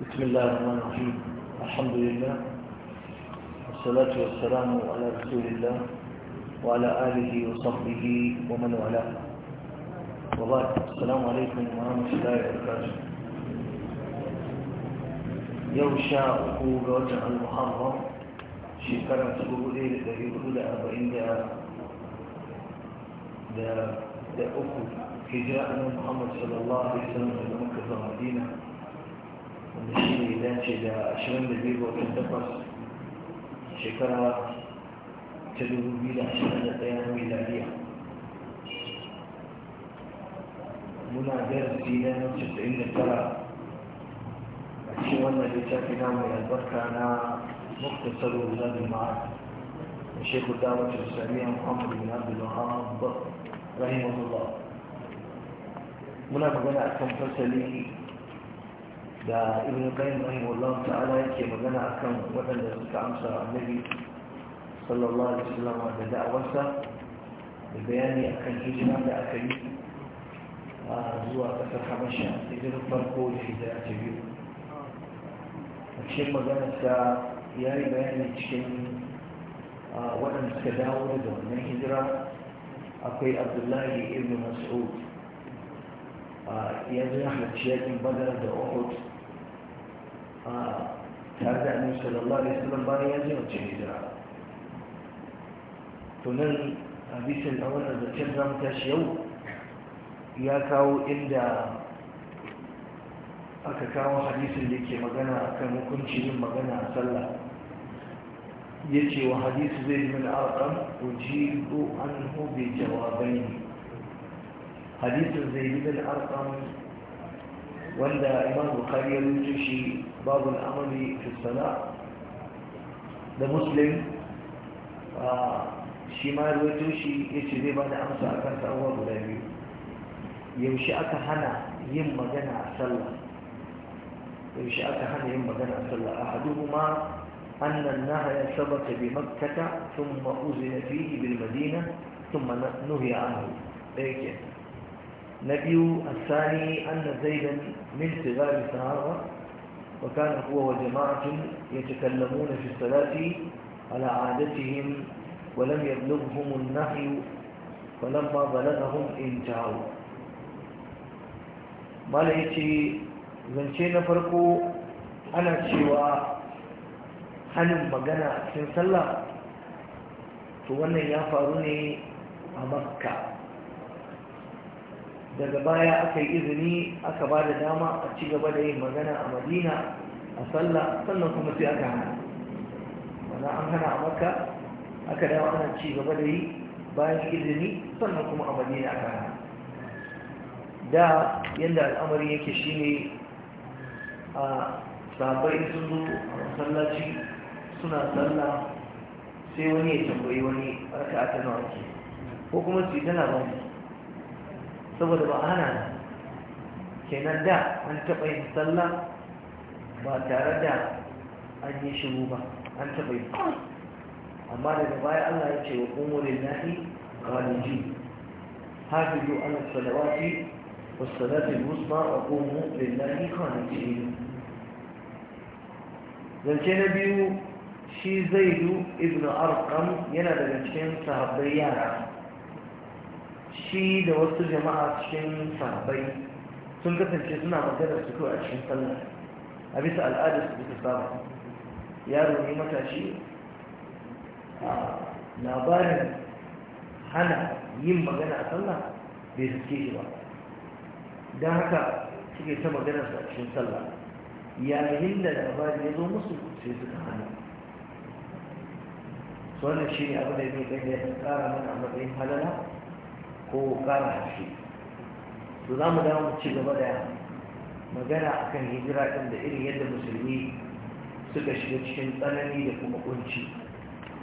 بسم الله الرحمن الرحيم الحمد لله والصلاة والسلام على رسول الله وعلى آله وصحبه ومن والاه والله السلام عليكم ورحمة الله وبركاته شاء أقول رجع المحرم شكرا تقول إيه لدهي الأولى أربعين ده ده أخو هجرة محمد صلى الله عليه وسلم إلى مكة wanda shi ne dace da 22 watan takwas shekara ta 2021 miladiya muna darasi na 99 a cikin wannan littafi na mai albarka na مختصر وزاد المعاد الشيخ الدعوة الإسلامية محمد بن عبد الوهاب رحمه الله منافقنا أكثر فسلي da ibn qayyim rahimahullah ta'ala yake magana akan waɗanda suka amsa annabi sallallahu alaihi wasallam da da'awarsa da bayani akan hijira da aka yi zuwa ƙasar habasha hijirar farko da hijira ta biyu a cikin maganarsa ya yi bayani cikin waɗanda suka dawo daga wannan hijira akwai abdullahi ibn mas'ud ya zo halarci yakin badar da uhud tare da annabi sallallahu alaihi wasallam bayan ya ji mace hijira to nan hadisin a wannan zancen zamu tashi yau ya kawo inda aka kawo hadisin da ke magana akan hukunci yin magana a sallah ya ce wa hadisu zai min arqam ujibu anhu bi jawabaini hadisin zai min arqam Wanda إمام البخاري يوجد babu العمل في الصلاة da مسلم shi ma ruwaito shi ya ce zai ba da amsa a kan sa'uwa guda biyu yaushe aka hana yin magana a sallah yaushe aka hana yin magana a sallah a hadu kuma annan naha ya sabata bi makkata sun ma'uzi na fiye bil madina sun ma nuhi a hannu ɗaya kenan نبي الثاني أن زيدا من صغار السهارة وكان هو وجماعة يتكلمون في الصلاة على عادتهم ولم يبلغهم النهي فلما بلغهم انتهوا mala ya ce zance na farko ana cewa hannun magana a cikin sallah to wannan ya faru ne a makka daga baya aka yi izini aka ba da dama a ci gaba da yin magana a madina a sallah sannan kuma sai aka hana wanda an hana a maka aka dawo ana ci gaba da yi bayan izini sannan kuma a madina aka hana da yadda al'amari yake ne a sabai sun zo a masallaci suna sallah sai wani ya tambayi wani raka'a ta nawa ke ko kuma su yi tana bani saboda ba hana kenan da an taɓa yin sallah ba tare da an yi shigo ba an taɓa yi amma daga baya Allah ya ce wa umurin lahi ƙaliji hafizu an salawati wasu salatin musamma wa umurin lahi ƙaliji zance na biyu shi zaidu ibn arqam yana daga cikin sahabbai yara shi da wasu jama'a cikin sahabbai sun kasance suna magana su kawai a cikin sallah a bisa al'adar su bisa saba yaro ne matashi a labarin hana yin magana a sallah bai suke shi ba don haka suke ta magana su a cikin sallah yayin da labarin ya zo musu sai suka hana wannan shi ne abu da ya fi ɗaya ya tsara mana a matsayin halala ko kara shi to za mu dawo ci gaba da magana akan hijira ɗin da irin yadda musulmi suka shiga cikin tsanani da kuma kunci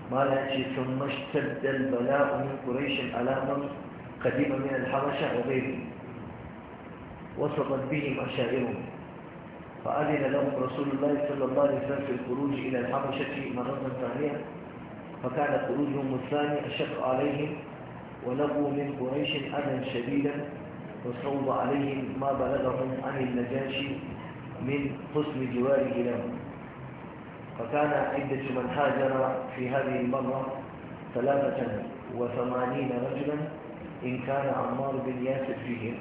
mala ce sun mashtaddal bala'u min quraishin alaman qadima min al-habasha wa ghayrihi وصفت بهم أشاعرهم فأذن لهم رسول الله صلى الله عليه وسلم في الخروج إلى الحبشة مرة ثانية فكان خروجهم الثاني أشق عليهم ولقوا من قريش أذى شديدا وصوب عليهم ما بلغهم عن النجاشي من حسن جواره لهم فكان عدة من هاجر في هذه المرة ثلاثة وثمانين رجلا إن كان عمار بن ياسر فيهم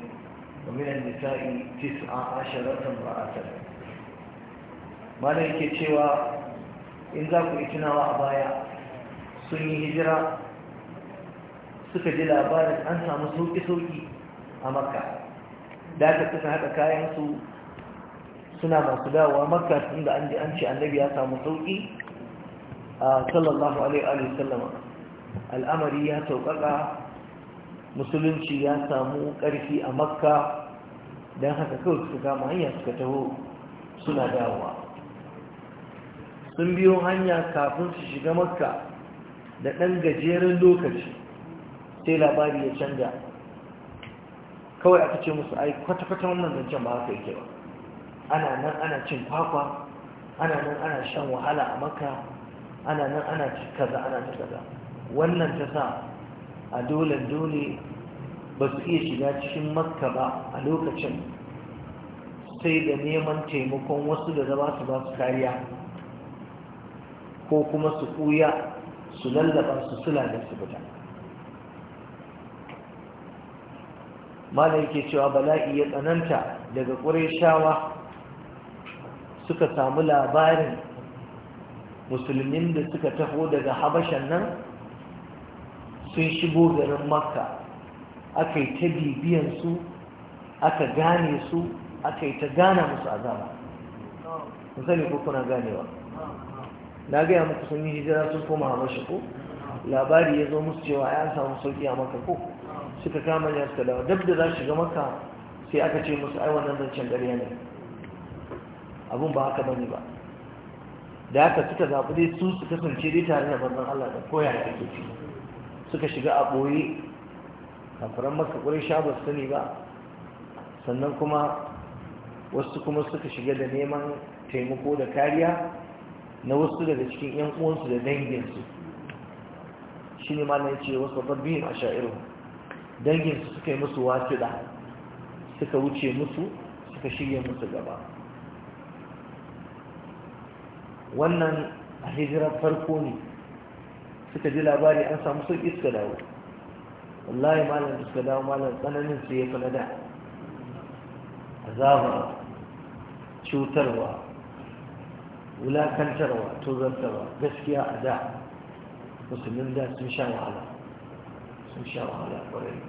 ومن النساء تسعة عشرة امرأة ما نلك cewa in za ku yi tunawa a baya sun yi hijira suka ji labarin an samu sauki sauƙi a makka da aka suka haɗa kayansu suna masu dawowa makka tun da an ji an ce annabi ya samu sauƙi a sallallahu alaihi sallama al'amari ya sauƙaƙa musulunci ya samu ƙarfi a makka don haka kawai suka kama hanya suka taho suna dawowa sun biyo hanya kafin su shiga makka da ɗan gajeren lokaci sai labari ya canja kawai aka ce musu ai kwata-kwata wannan zancen ba haka yake ba ana nan ana cin kwakwa ana nan ana shan wahala a maka ana nan ana ci kaza ana ci kaza wannan ta sa a dole dole ba su iya shiga cikin makka ba a lokacin sai da neman taimakon wasu da zaba su ba su kariya ko kuma su kuya su lallaba su sula da su fita malam yake cewa bala'i ya tsananta daga ƙureshawa suka samu labarin musulmin da suka taho daga habashan nan sun shigo garin makka aka yi ta bibiyansu aka gane su aka yi ta gana musu zama misali ko kuna ganewa na gaya muku sun yi hijira sun koma habasha ko labari ya zo musu cewa ya samu sauki a maka ko suka kama ya salawa duk da za shiga maka sai aka ce musu ai wannan zancen ƙarya ne abun ba haka bane ba da haka suka zaɓi dai su su kasance dai tare da manzon Allah da koya da ake suka shiga a ɓoye kafiran maka ƙurai sha ba sani ba sannan kuma wasu kuma suka shiga da neman taimako da kariya na wasu daga cikin 'yan uwansu da danginsu shi ne ma na ce wasu biyun a sha'iru danginsu suka yi musu wasiɗa suka wuce musu suka shirya musu gaba wannan a hijirar farko ne suka ji labari an samu sauƙi suka dawo wallahi malam suka dawo malam tsananin sai ya fi da azaba cutarwa wulakantarwa tozartarwa gaskiya a da musulmin da sun sha wahala sun sha wahala kwarai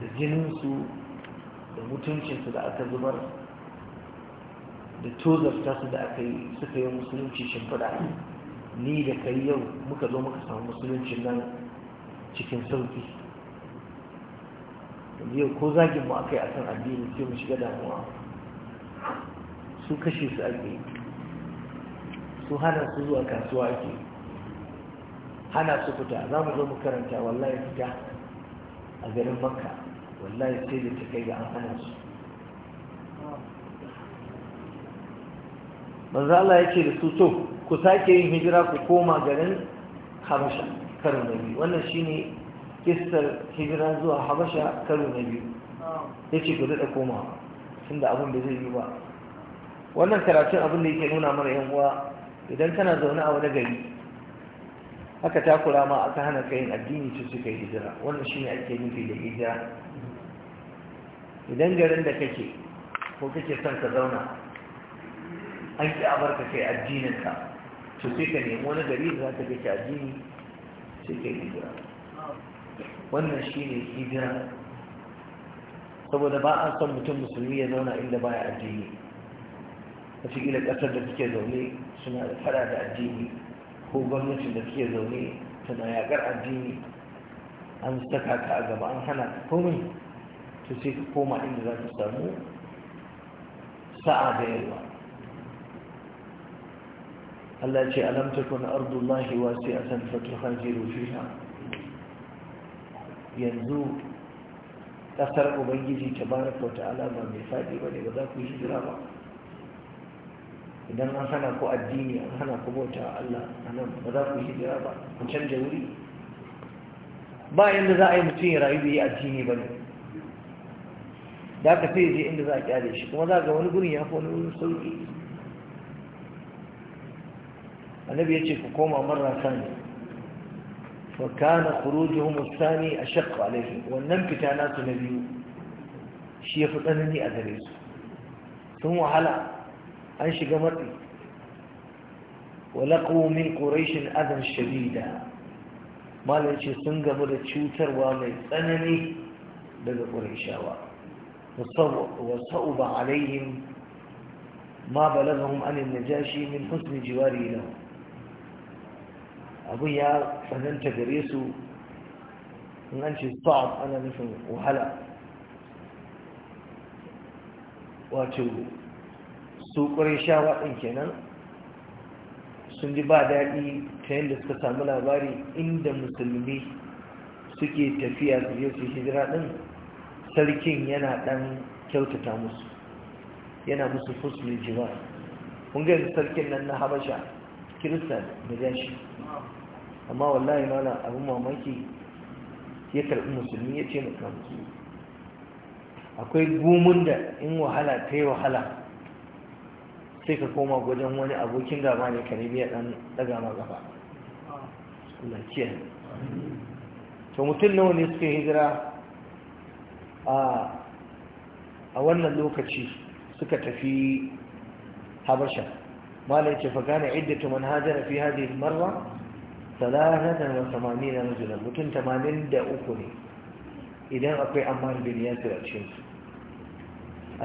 da jininsu da mutuncinsu da aka zubar da tozarta su da aka yi suka yi musulunci shimfiɗa ni da kai yau muka zo muka samu musulunci nan cikin sauki yau ko zagin mu aka yi a kan addini sai mu shiga damuwa su kashe su ake su hana su zuwa kasuwa ake yi hana su fita za mu zo mu karanta wallahi fita a garin makka wallahi sai da ta kai ga an hana su manzo Allah yake da su to ku sake yin hijira ku koma garin Habasha karo na biyu wannan shine kistar hijira zuwa Habasha karo na biyu yace ku dada koma tunda abin da zai yi ba wannan karatun abin da yake nuna mana yan uwa idan kana zaune a wani gari aka takura ma aka hana kayan addini su suka yi hijira wannan shi ne ake nufi da hijira idan garin da kake ko kake son ka zauna an ƙi a ka kai addininka to sai ka nemi wani gari da za ka kake addini sai ka yi hijira wannan shi ne hijira saboda ba a son mutum musulmi ya zauna inda baya addini wataƙila ƙasar da suke zaune suna da fara da addini ko gwamnatin da suke zaune tana yakar addini an saka ka a gaba an hana ka komai to sai ka koma inda za ka samu sa'a da yawa Allah ce alam takun ardullahi wasi'atan fatuhajiru fiha yanzu ƙasar ubangiji ta tabaraka wa ta'ala ba mai fadi ne, ba za ku hijira ba idan an hana ku addini an hana ku bauta Allah anan ba za ku hijira ba ku canja wuri ba yanda za a yi mutum ya rayu bai addini ba ne da aka sai je inda za a kyale shi kuma za ga wani gurin ya fi wani wurin sauki annabi ya ce ku koma marra sani fa kana khurujuhum as-sani ashaqqu alayhi wannan fitana su na biyu shi ya fi tsanani a gare su sun wahala an shiga matsi walaƙo min ƙorashin azan shadida malar ce sun gaba da cutarwa mai tsanani daga ƙorashawa Wasu ba alayhim ma balagahum anin jashi min husni jiwari lahu abin ya tsananta gare su in an ce sa'ab ana nufin wahala wato su shawa ɗin kenan sun ji ba daɗi ta yadda suka samu labari inda musulmi suke tafiya su je su hijira ɗin sarkin yana ɗan kyautata musu yana musu fusulun jiwa ƙungiyar sarkin nan na habasha kirista da gashi amma wallahi mana abin mamaki ya karɓi musulmi ya ce makamusu akwai gumun da in wahala ta yi wahala sai ka koma gudun wani abokin gaba ne ka nemi ya dan daga ma gaba lafiya to mutum nawa ne suka hijira a wannan lokaci suka tafi habasha mala ce fa kana iddatu man hajara fi marwa? hadhihi da marra 83 rajulan mutum tamanin da uku ne idan akwai amma bin yasir a su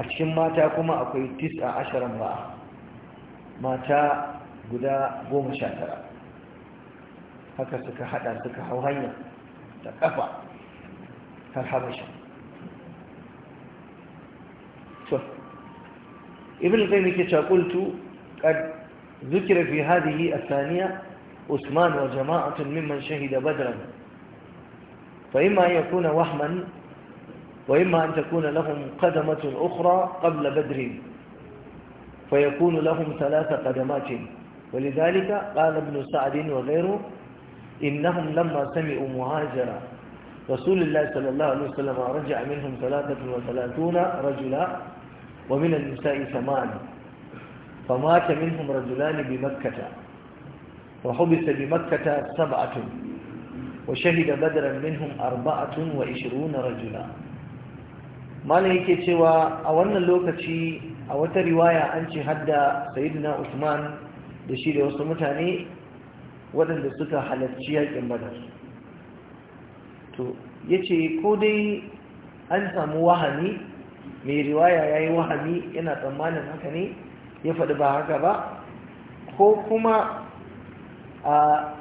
a cikin mata kuma akwai a 19 ba'a ما متى غدا قوم شاترا هكا سكا حدا سكا حوهيا تقفى فالحبشة شوف ابن القيم كيف قلت قد ذكر في هذه الثانية عثمان وجماعة ممن شهد بدرا فإما أن يكون وهما وإما أن تكون لهم قدمة أخرى قبل بدر فيكون لهم ثلاث قدمات ولذلك قال ابن سعد وغيره إنهم لما سمعوا مهاجر رسول الله صلى الله عليه وسلم رجع منهم ثلاثة وثلاثون رجلا ومن النساء ثمان فمات منهم رجلان بمكة وحبس بمكة سبعة وشهد بدرا منهم أربعة وعشرون رجلا ما لهيك سوى أولا لوكتي a wata riwaya an ce hadda sayyidina usman da shi da wasu mutane waɗanda suka halarci yakin badar to ya ce ko dai an samu wahani mai riwaya ya yi wahani yana tsammanin haka ne ya faɗi ba haka ba ko kuma a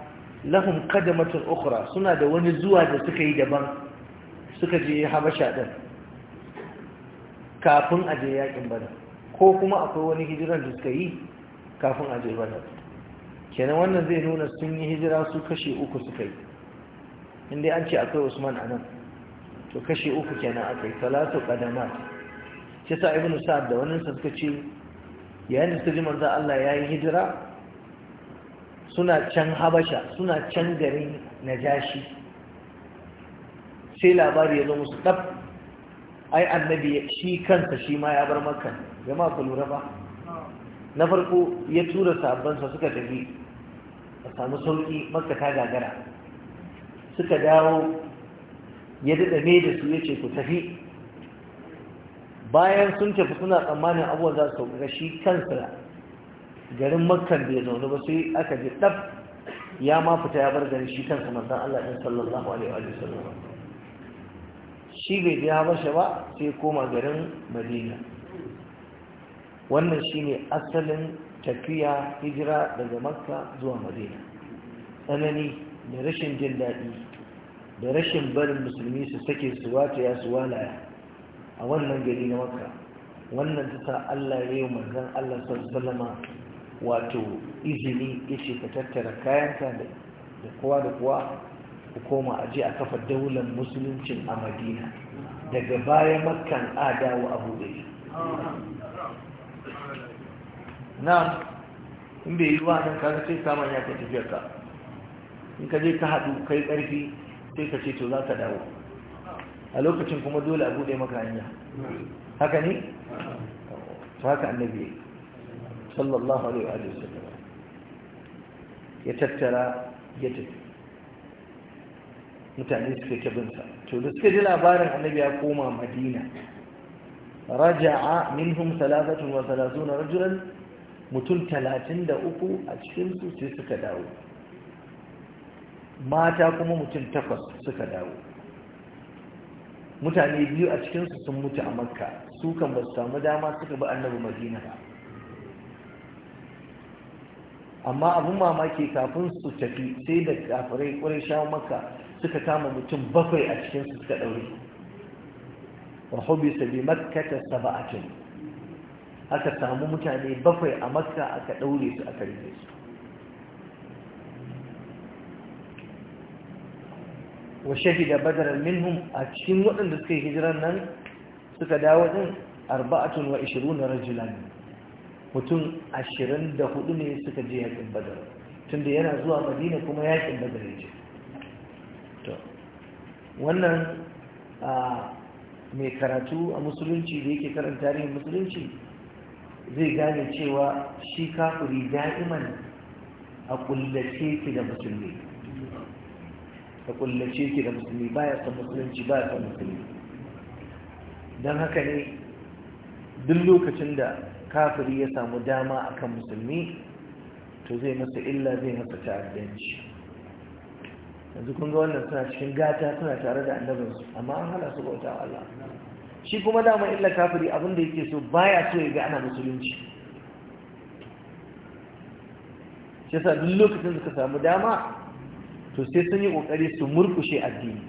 lahun kadamatun okra suna da wani zuwa da suka yi daban suka je habasha ɗin kafin a je yaƙin badar ko kuma akwai wani hijiran da suka yi kafin a je kenan wannan zai nuna sun yi hijira su kashe uku suka yi inda an ce akwai usman a nan to kashe uku kenan aka yi talatu kadama ce sa ibnu sa'ad da wani suka ce yayin da suka ji manzo Allah ya yi hijira suna can habasha suna can garin najashi sai labari ya zo musu dab ai annabi shi kansa shi ma ya bar makka jama'a ku lura ba na farko ya tura sabansa suka tafi a samu sauki makka ta gagara suka dawo ya daɗa ne da su ya ce ku tafi bayan sun tafi suna tsammanin abuwa za su sauƙaƙa shi kansa garin makkan bai zaune ba sai aka ji ɗaf ya ma fita ya bar garin shi kansa manzan Allah ɗin sallallahu alaihi wa sallam shi bai ba habasha ba sai koma garin madina wannan shine asalin tafiya hijira daga makka zuwa madina tsanani da rashin jin daɗi da rashin barin musulmi su sake suwata ya a wannan gari na makka wannan ta sa allah ya yi manzan allah sallama wato izini ya ce ka tattara kayanka da kowa da kowa ku koma a je a kafa daular musuluncin a madina daga baya makkan adawa abu da na in bai yi wa nan kaga sai saman ya ka tafiya ka in ka je ka haɗu kai ƙarfi sai ka ce to za ka dawo a lokacin kuma dole a buɗe maka hanya haka ne? haka annabi sallallahu alaihi wa sallam ya tattara ya tafi mutane suka ta sa to da suka ji labarin annabi ya koma madina raja'a minhum salafatun wa salasuna rajulan mutum talatin da uku a cikinsu sai suka dawo mata kuma mutum takwas suka dawo mutane biyu a cikinsu sun mutu a makka su kan ba su samu dama suka bi annabi madina ba amma abin mamaki kafin su tafi sai da kafirai kwarai sha maka suka kama mutum bakwai a cikin su suka ɗaure wa hubisa bi makkata sab'atun aka samu mutane bakwai a makka aka ɗaure su aka rike su wa shahida badar minhum a cikin waɗanda suka yi hijiran nan suka dawo din arba'atun wa 20 rajulan mutum ashirin da hudu ne suka je yakin badar tunda yana zuwa madina kuma yakin badar yake wannan a mai karatu a musulunci da yake karanta tarihin musulunci zai gane cewa shi kafuri da'iman a kullace ki da musulmi a kullace ki da musulmi baya san musulunci baya san musulmi don haka ne duk lokacin da kafuri ya samu dama akan musulmi to zai masa illa zai masa ta'addanci yanzu kun ga wannan suna cikin gata suna tare da annabinsu amma an hana su bauta Allah shi kuma dama illa kafiri abin da yake so baya so ya ga ana musulunci shi yasa duk lokacin da suka samu dama to sai sun yi kokari su murkushe addini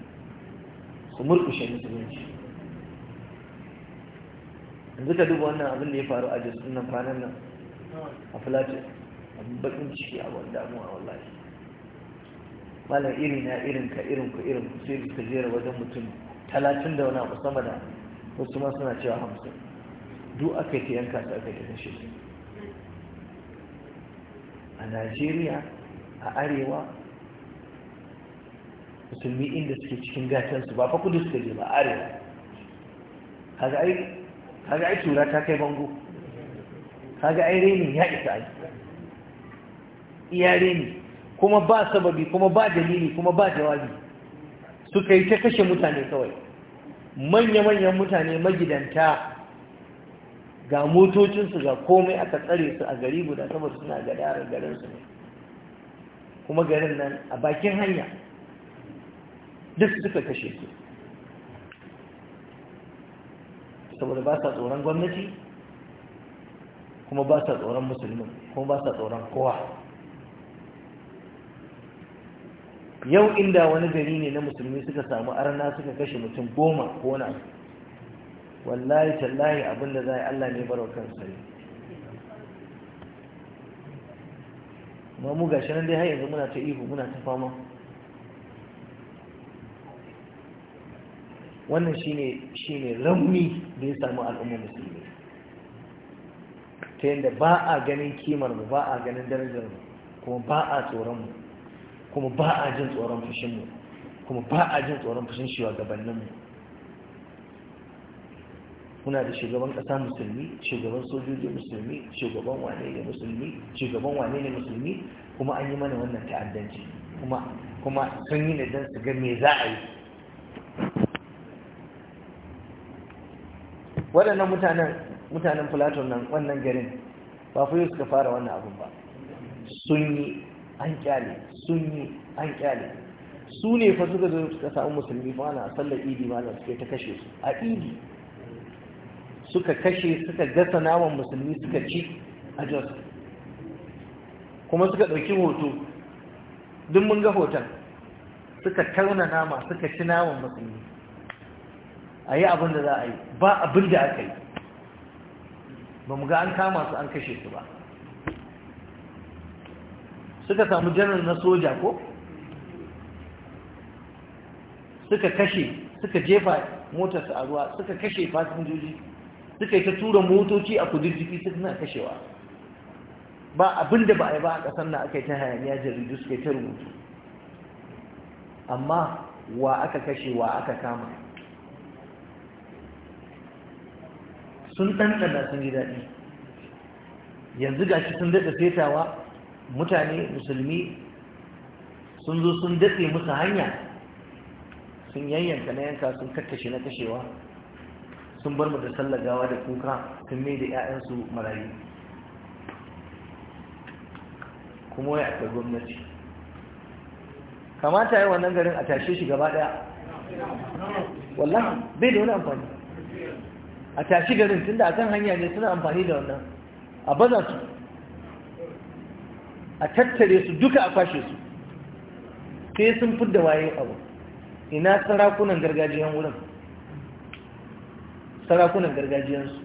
su murkushe musulunci yanzu ka duba wannan abin da ya faru a jisun nan kwanan nan a filatin abin bakin ciki a damuwa wallahi malam iri na irin ka irin ku irin ku sai ka jera wajen mutum talatin da wani abu sama da wasu ma suna cewa hamsin duk aka yi yanka su aka yi kashe su a najeriya a arewa musulmi inda suke cikin su ba fa kudu suka je ba arewa kaga ai tura ta kai bango kaga ai renin ya isa ai iya renin kuma ba sababi kuma ba dalili kuma ba jawabi suka yi ta kashe mutane kawai manya-manyan mutane magidanta ga motocinsu ga komai aka tsare su a gari guda saboda suna ga gadarar garinsu ne kuma garin nan a bakin hanya duk suka kashe su saboda ba sa tsoron gwamnati kuma ba sa tsoron musulmi kuma ba sa tsoron kowa yau inda wani gari ne na musulmi suka samu arna suka kashe mutum goma ko na wallahi tallahi abinda za a yi allah ne barwa kansa ne mamu mu gashi nan dai har yanzu muna ta ihu muna ta fama wannan shi ne rauni da ya samu al'ummar musulmi ta yadda ba a ganin kimar mu ba a ganin darajar mu kuma ba a tsoron mu kuma ba a jin tsoron fushinmu kuma ba a jin tsoron fushin shugabanninmu muna da shugaban ƙasa musulmi shugaban sojoji musulmi shugaban wane ne musulmi shugaban wane ne musulmi kuma an yi mana wannan ta'addanci kuma kuma sun yi ne su ga me za a yi waɗannan mutanen mutanen platon nan wannan garin ba fa suka fara wannan abun ba sun yi an kyale sun yi an kyale su ne fa suka zo suka samu musulmi ba na sallar idi ba na suke ta kashe su a idi suka kashe suka gasa naman musulmi suka ci a jos kuma suka ɗauki hoto duk mun ga hoton suka tauna nama suka ci naman musulmi a yi abin da za a yi ba abin da aka yi ba mu ga an kama su an kashe su ba suka samu janar na soja ko suka kashe suka jefa motarsa a ruwa suka kashe fasinjoji suka yi ta tura motoci a kudurjiki na kashewa ba abin da ba a yi ba a ƙasar na aka yi ta hayaniya jaridu suka yi ta rubutu amma wa aka kashe wa aka kama sun ɗanɗana sun yi daɗi yanzu ga shi sun daɗa setawa mutane musulmi sun zo sun datse musu hanya sun yayyanka na yanka sun kakkashe na kashewa sun bar mu da sallagawa da kuka sun mai da 'ya'yansu marayu kuma wai akwai gwamnati kamata yi wannan garin a tashe shi gaba daya wallahi bai da wani amfani a tashi garin tunda kan hanya ne suna amfani da wannan a baza su a tattare su duka a kwashe su sai sun fidda waye abu ina sarakunan gargajiyan wurin sarakunan gargajiyansu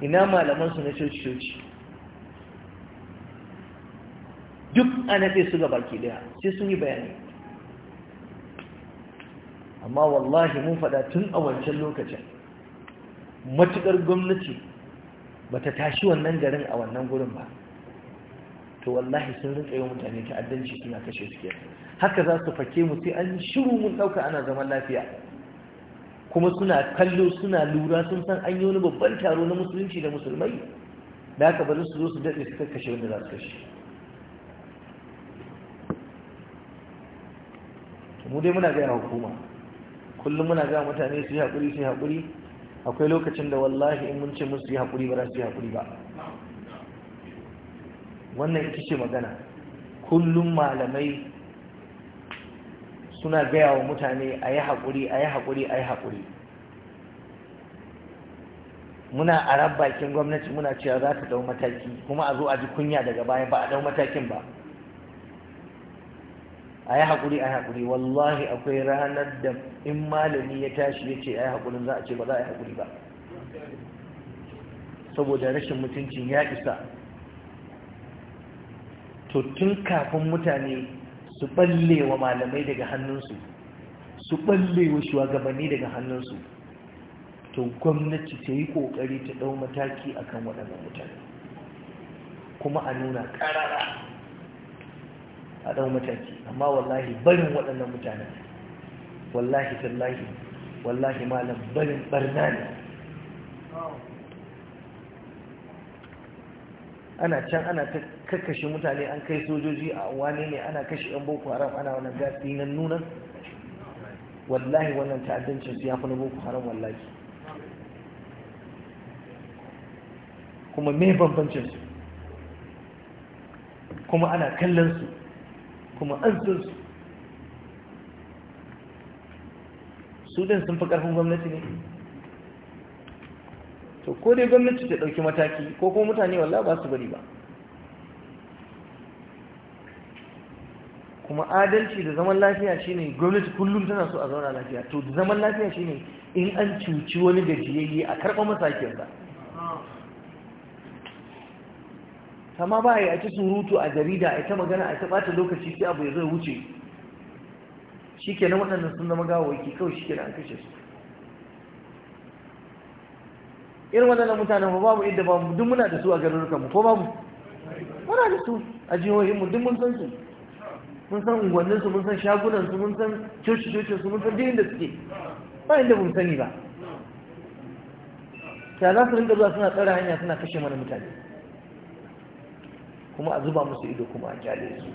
ina malamansu na coci-coci duk a nafe su ga baki daya sai sun yi bayani amma wallahi mun faɗa tun a wancan lokacin matuƙar gwamnati ba ta tashi wannan garin a wannan gurin ba to wallahi sun rinka wa mutane ta'addanci suna kashe suke. haka za su fake mu sai an shiru mun ɗauka ana zaman lafiya kuma suna kallo suna lura sun san an yi wani babban taro na musulunci da musulmai da aka bari su zo su daɗe su kashe wanda za su kashe mu dai muna gaya hukuma kullum muna gaya mutane su yi haƙuri su yi haƙuri akwai lokacin da wallahi in mun ce musu yi haƙuri ba za su yi haƙuri ba wannan ita ce magana kullum malamai suna gaya wa mutane a yi haƙuri a yi haƙuri a yi haƙuri muna a rab bakin gwamnati muna cewa za ta dau mataki kuma a zo a ji kunya daga baya ba a dau matakin ba a yi haƙuri a yi haƙuri wallahi akwai ranar da in malami ya tashi ya ce a yi haƙuri, za a ce ba za a yi haƙuri ba saboda rashin mutuncin ya isa to tun kafin mutane su balle wa malamai daga hannunsu su balle wa shugabanni daga hannunsu to gwamnati ta yi ƙoƙari ta ɗau mataki a kan waɗannan mutane kuma a nuna ƙarara a ɗau mataki amma wallahi barin waɗannan mutane wallahi tallahi wallahi malam barin barna ne ana can ana ta kakkashe mutane an kai sojoji a wane ne ana kashe yan boko haram ana wannan gasi nan nuna. wallahi wannan ta'addancin su ya fi na boko haram wallahi kuma me bambancin su kuma ana kallon su kuma an su su din sun fi karfin gwamnati ne to ko dai gwamnati ta ɗauki mataki ko kuma mutane walla ba su bari ba kuma adalci da zaman lafiya shine gwamnati kullum tana so a zauna lafiya to zaman lafiya shine in an cuci wani gajiyayye a karɓa masakiyarsa kama ba ya ci surutu a jarida a ta magana a ta ɓata lokaci sai abu ya zai wuce shi kenan waɗannan sun zama gawawaki kawai shi kenan an kashe su irin waɗannan mutanen ba babu inda ba duk muna da su a garurukan mu ko babu muna da su a jihohin mu duk mun san su mun san ungwannin su mun san shagunan su mun san coci coci su mun san duk inda suke ba inda mun sani ba ta za su rinka zuwa suna tsara hanya suna kashe mana mutane kuma a zuba musu ido kuma a kyale su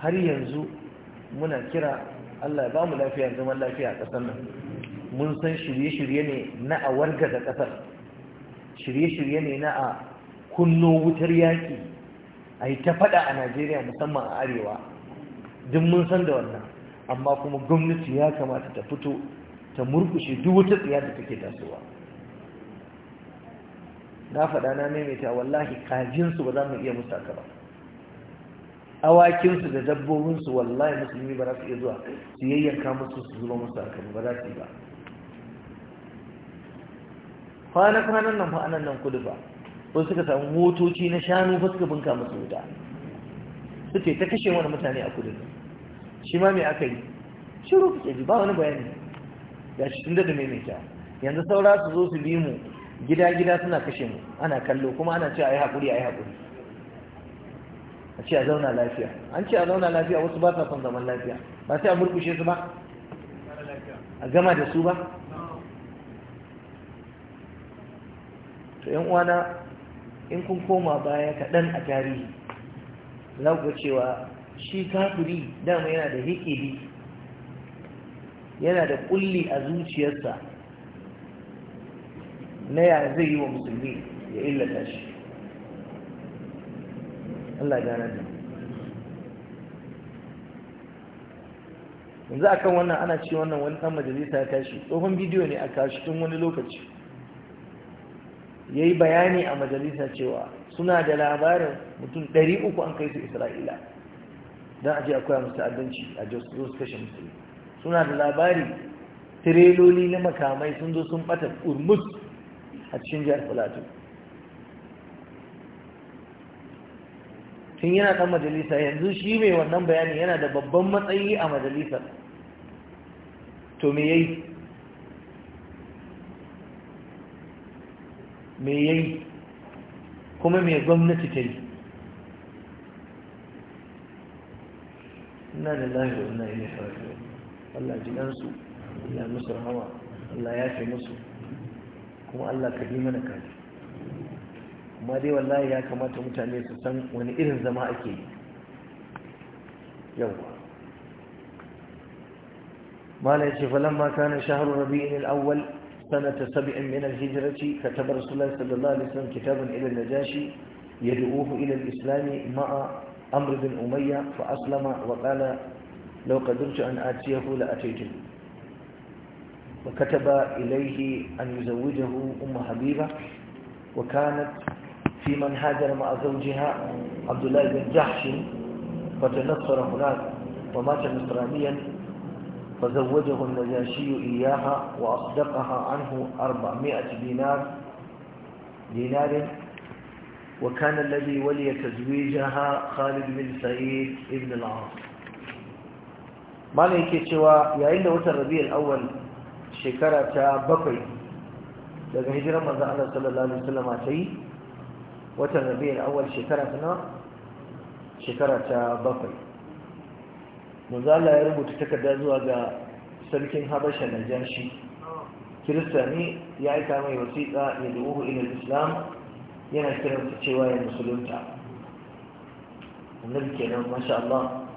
har yanzu muna kira Allah ya ba mu lafiya zaman lafiya a ƙasar nan mun san shirye-shirye ne na a da ƙasar shirye-shirye ne na a kunno wutar yaƙi a yi ta faɗa a najeriya musamman a arewa duk mun san da wannan amma kuma gwamnati ya kamata ta fito ta murkushe duk wata tsiya da take tasowa na faɗa na maimaita wallahi kajinsu ba za mu iya musaka ba awakinsu da dabbobinsu wallahi musulmi ba za su iya zuwa su yayyanka musu su zuba musu ba za su yi ba kwana-kwanan nan fa anan nan kudu ba wasu suka samu motoci na shanu ba suka binka musu wuta suke ta kashe wani mutane a kudu shi ma mai aka yi shiru kuke ji ba wani bayani ga shi tun da mai mai ta yanzu saura su zo su bi mu gida-gida suna kashe mu ana kallo kuma ana ce a yi haƙuri a yi haƙuri a ce a zauna lafiya an ce a zauna lafiya wasu ba sa son zaman lafiya ba sai a murkushe su ba a gama da su ba to yan uwana in kun koma baya kaɗan a tarihi za ku cewa shi kafiri dama yana da hikiri yana da kulli a zuciyarsa na ya zai yi wa musulmi ya illata shi Allah gane da yanzu akan wannan ana ce wannan wani ɗan majalisa ya tashi tsohon bidiyo ne a kashi tun wani lokaci ya yi bayani a majalisa cewa suna da labarin mutum 300 an kai su isra'ila don a ce akwai musu adalci a jos kashe musulmi suna da labari tireloli na makamai sun zo sun bata urmus a cikin jihar filato tun yana kan majalisa yanzu shi mai wannan bayani yana da babban matsayi a majalisar to me yayi me yayi kuma me gwamnati ta yi ina da lahi wa ina ilai raji'un Allah ji ɗansu Allah musu hawa, Allah ya fi musu kuma Allah ka bi mana kaji Kuma dai wallahi ya kamata mutane su san wani irin zama ake yi yawa ما لا يشف لما كان شهر ربيع الأول سنة سبع من الهجرة كتب رسول الله صلى الله عليه وسلم كتابا إلى النجاشي يدعوه إلى الإسلام مع أمر بن أمية فأسلم وقال لو قدرت أن آتيه لأتيته وكتب إليه أن يزوجه أم حبيبة وكانت في من هاجر مع زوجها عبد الله بن جحش فتنصر هناك ومات نصرانيا فزوجه النجاشي إياها وأصدقها عنه أربعمائة دينار دينار وكان الذي ولي تزويجها خالد بن سعيد بن العاص malai yake cewa yayin da watan rabi'ul awwal shekara ta bakwai daga hijirar manzo Allah sallallahu alaihi wasallam ta yi watan rabi'ul awwal shekara ta shekara ta bakwai manzala ya rubuta takarda zuwa ga sarkin habasha na janshi kirista ne ya aika mai wasiƙa ya da uhu ilil islam yana su cewa ya musulunta annabi kenan masha Allah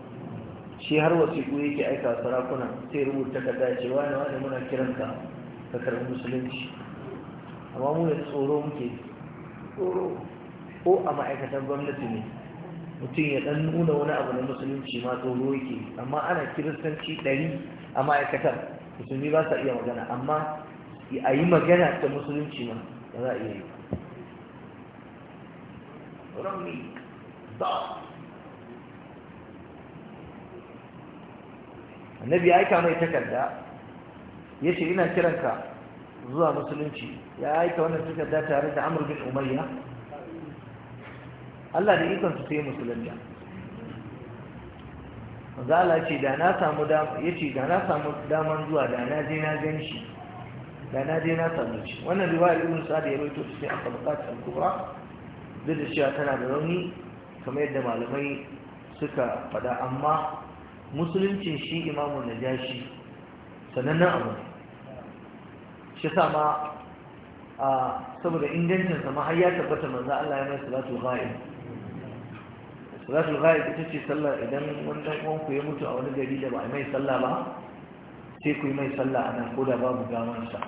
shi har wasiƙu yake aika sarakuna sai rubuta takarda cewa na wani muna kiranka ka karɓi musulunci amma mu da tsoro muke tsoro ko a ma'aikatan gwamnati ne mutum ya dan nuna wani abu na musulunci ma tsoro yake amma ana kiristanci ɗari a ma'aikatar musulmi ba sa iya magana amma a yi magana ta musulunci ma ba za a iya yi rauni ba annabi aika mai takarda ya ce ina kiranka zuwa musulunci ya aika wannan takarda tare da amur bin umayya Allah da ikon su sai musulunta zala ce da na samu ya ce da na samu daman zuwa da na je na gan shi da na je na samu shi wannan riwaya ibn sa'ad ya rawaito shi a al-tabaqat al-kubra da da cewa tana da rauni kamar yadda malamai suka faɗa amma musuluncin shi imamu najashi sanannen abu shi sama saboda ingancinsa ma har ya tabbata manzo Allah ya mai salatu ghaib Za salatul ghaib ita ce sallah idan wani ku ya mutu a wani gari da ba a mai sallah ba sai ku yi mai sallah a nan ko da babu gawan sa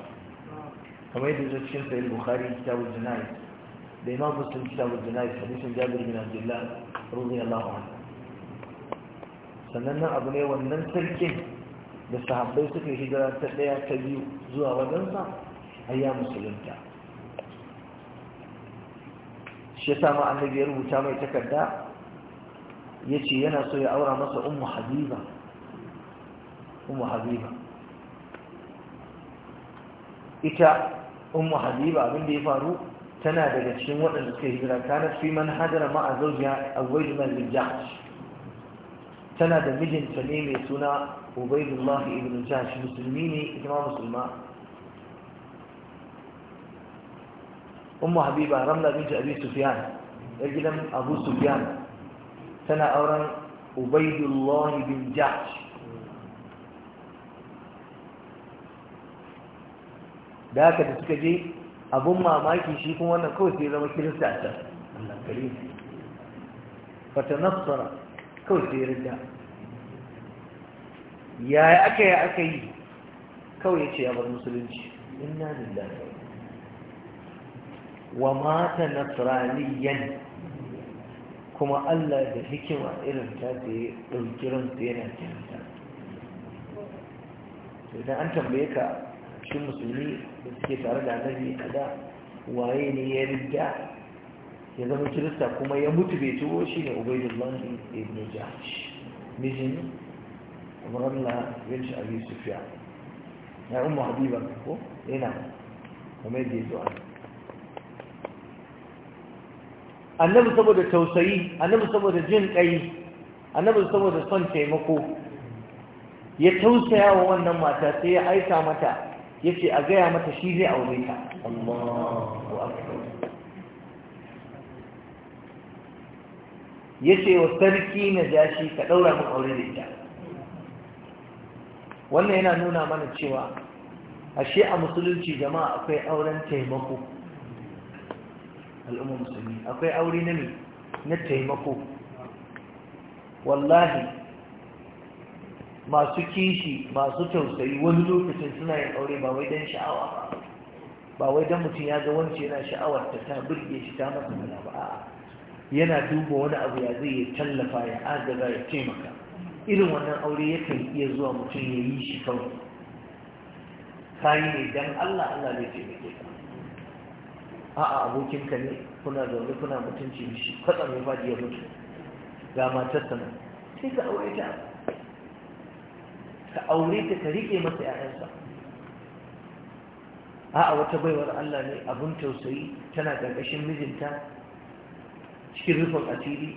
kamar yadda zai cikin sahih bukhari kitabul janayi da imam muslim kitabul janayi hadisin jabir bin abdullah radiyallahu anhu sannan nan abu ne wannan sarkin da sahabbai suka hijira ta ɗaya ta biyu zuwa wajensa ayya musulunta shi ya sama annabi ya rubuta mai takarda يتي ينا سوي أورا مصر أم حبيبة أم حبيبة إتا أم حبيبة أبن دي فارو تنادى لتشنوة الكهبرة كانت في من حجر مع زوجها أول من الجحش تنادى مجن فنيم يسونا وبيض الله ابن الجحش مسلميني إتما مسلماء أم حبيبة رملة بنت أبي سفيان أجلم أبو سفيان tana auren ubaidullahi bin jahsh da aka da suka je abun mamaki shi kuma wannan kawai sai zama kirista a can fata nasara kawai sai rinda yaya aka yi aka yi kawai ce ya bar musulunci inna lillahi wa mata nasraniyan kuma Allah da hikima irin ta ya ɗauki ransu yana kyanta idan an tambaye ka shi musulmi da suke tare da annabi a da waye ne ya rida ya zama kirista kuma ya mutu bai tuwo shi ne ubaidullahi ibn mijin umarla bin abi sufyan ya umma habiba ko yana kuma yadda ya zo annabi saboda tausayi annabi saboda jin kai annabi saboda son taimako ya tausaya wa wannan mata sai ya aika mata ya ce a gaya mata shi zai aure ta ya ce wa sarki na jashi ka ɗaura min aure da ita wannan yana nuna mana cewa ashe a musulunci jama'a akwai auren taimako al'ummar musulmi akwai aure na ne na taimako wallahi masu kishi masu tausayi wani lokacin suna yin aure ba wai don sha'awa ba ba wai don mutum ya ga wance yana sha'awar ta ta burge shi ta masa mana ba a'a yana duba wani abu ya zai ya tallafa ya agaza ya taimaka irin wannan aure yakan iya zuwa mutum ya yi shi kawai kayi ne don Allah Allah zai taimake ka a'a abokinka ne kuna zaune kuna mutunci da shi kwatsam ya faɗi ya mutu ga matarsa nan sai ka aure ta ka aure ta ka riƙe masa 'ya'yansa a'a wata baiwar Allah ne abun tausayi tana gargashin mijinta cikin rufin asiri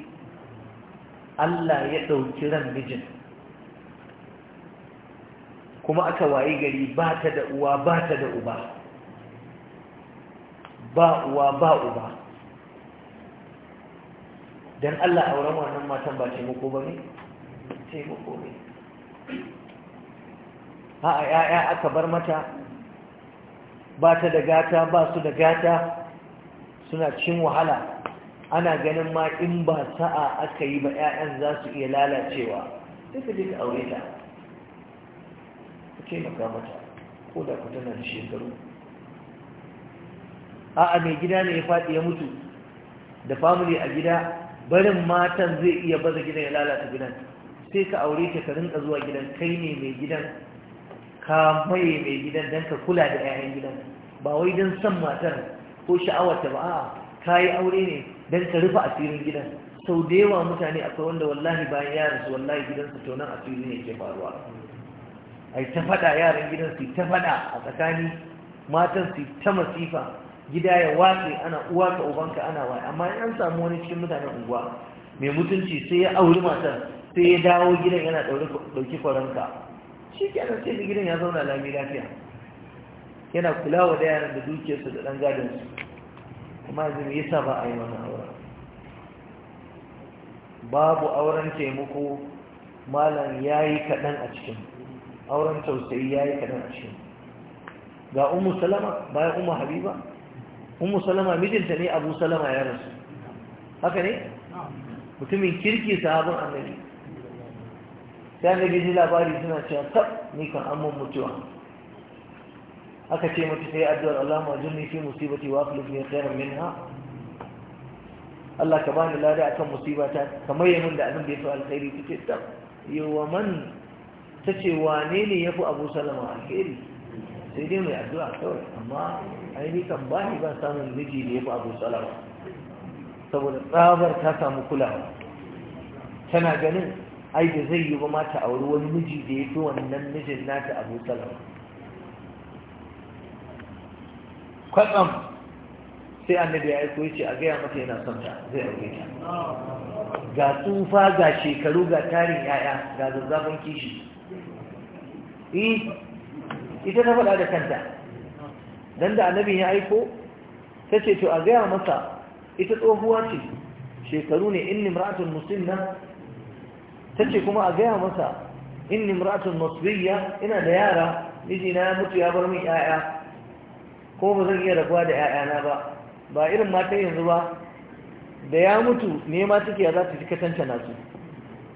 Allah ya ɗauki ran mijin kuma aka wayi gari ba ta da uwa ba ta da uba ba uwa ba uba don Allah auren wannan matan ba taimako ba ne taimako ne ha a ya'ya aka bar mata ba ta da gata ba su da gata suna cin wahala ana ganin ma in ba sa'a aka yi ba 'ya'yan za su iya lalacewa duka duka aure ta ka taimaka mata ko da ku tana da shekaru a'a mai gida ne ya faɗi ya mutu da famili a gida barin matan zai iya baza gidan ya lalata gidan sai ka aure ka rinka zuwa gidan kai ne mai gidan ka maye mai gidan don ka kula da 'ya'yan gidan ba wai don son matar ko sha'awarta ba a'a ka yi aure ne don ka rufe asirin gidan sau da yawa mutane akwai wanda wallahi bayan yaran su wallahi gidan gidansu tonan asirin ke faruwa ai ta faɗa yaran gidan su ta faɗa a tsakani matan su ta masifa gida ya watse ana uwa ka ubanka ana waye amma an samu wani cikin mutanen unguwa mai mutunci sai ya auri matar sai ya dawo gidan yana ɗauki kwaranka shi nan sai gidan ya zauna lami lafiya yana wa da yaran da dukiyarsa da ɗan su kuma yanzu me yasa ba a yi wani auren babu auren taimako malam ya yi kaɗan a cikin auren tausayi ya yi kaɗan a cikin ga umu salama bayan umu habiba ummu salama mijinta ne abu salama ya rasu haka ne mutumin kirki sahabin annabi sai annabi ji labari suna cewa tab ni kan an mun mutuwa aka ce mutu sai addu'ar Allah ma jinni fi musibati wa akhlif li khairan minha Allah ka bani lada akan musibata maye min da abin da ya yafi alkhairi take tab yawa man tace wane ne yafi Abu Salama alkhairi sai dai mai addu'a kawai amma ainihin kan ba ba samun miji da ya fi abu salama saboda tsabar ta samu kulawa tana ganin ai da zai yi ba mata a auri wani miji da ya fi wannan mijin nata abu salama kwatsam sai annabi ya aiko yace a gaya mata yana son ta zai aure ta ga tsufa ga shekaru ga tarin yaya ga zazzabin kishi eh, ita ta faɗa da kanta dan da annabi ya aiko ta ce to a gaya masa ita tsohuwa ce shekaru ne inni imra'atun musinna ta kuma a gaya masa inni imra'atun masriya ina da yara mijina ya mutu ya bar min 'ya'ya ko ba zan iya rabuwa da 'ya'yana ba ba irin mata yanzu ba da ya mutu ne ma take za ta ji katanta nasu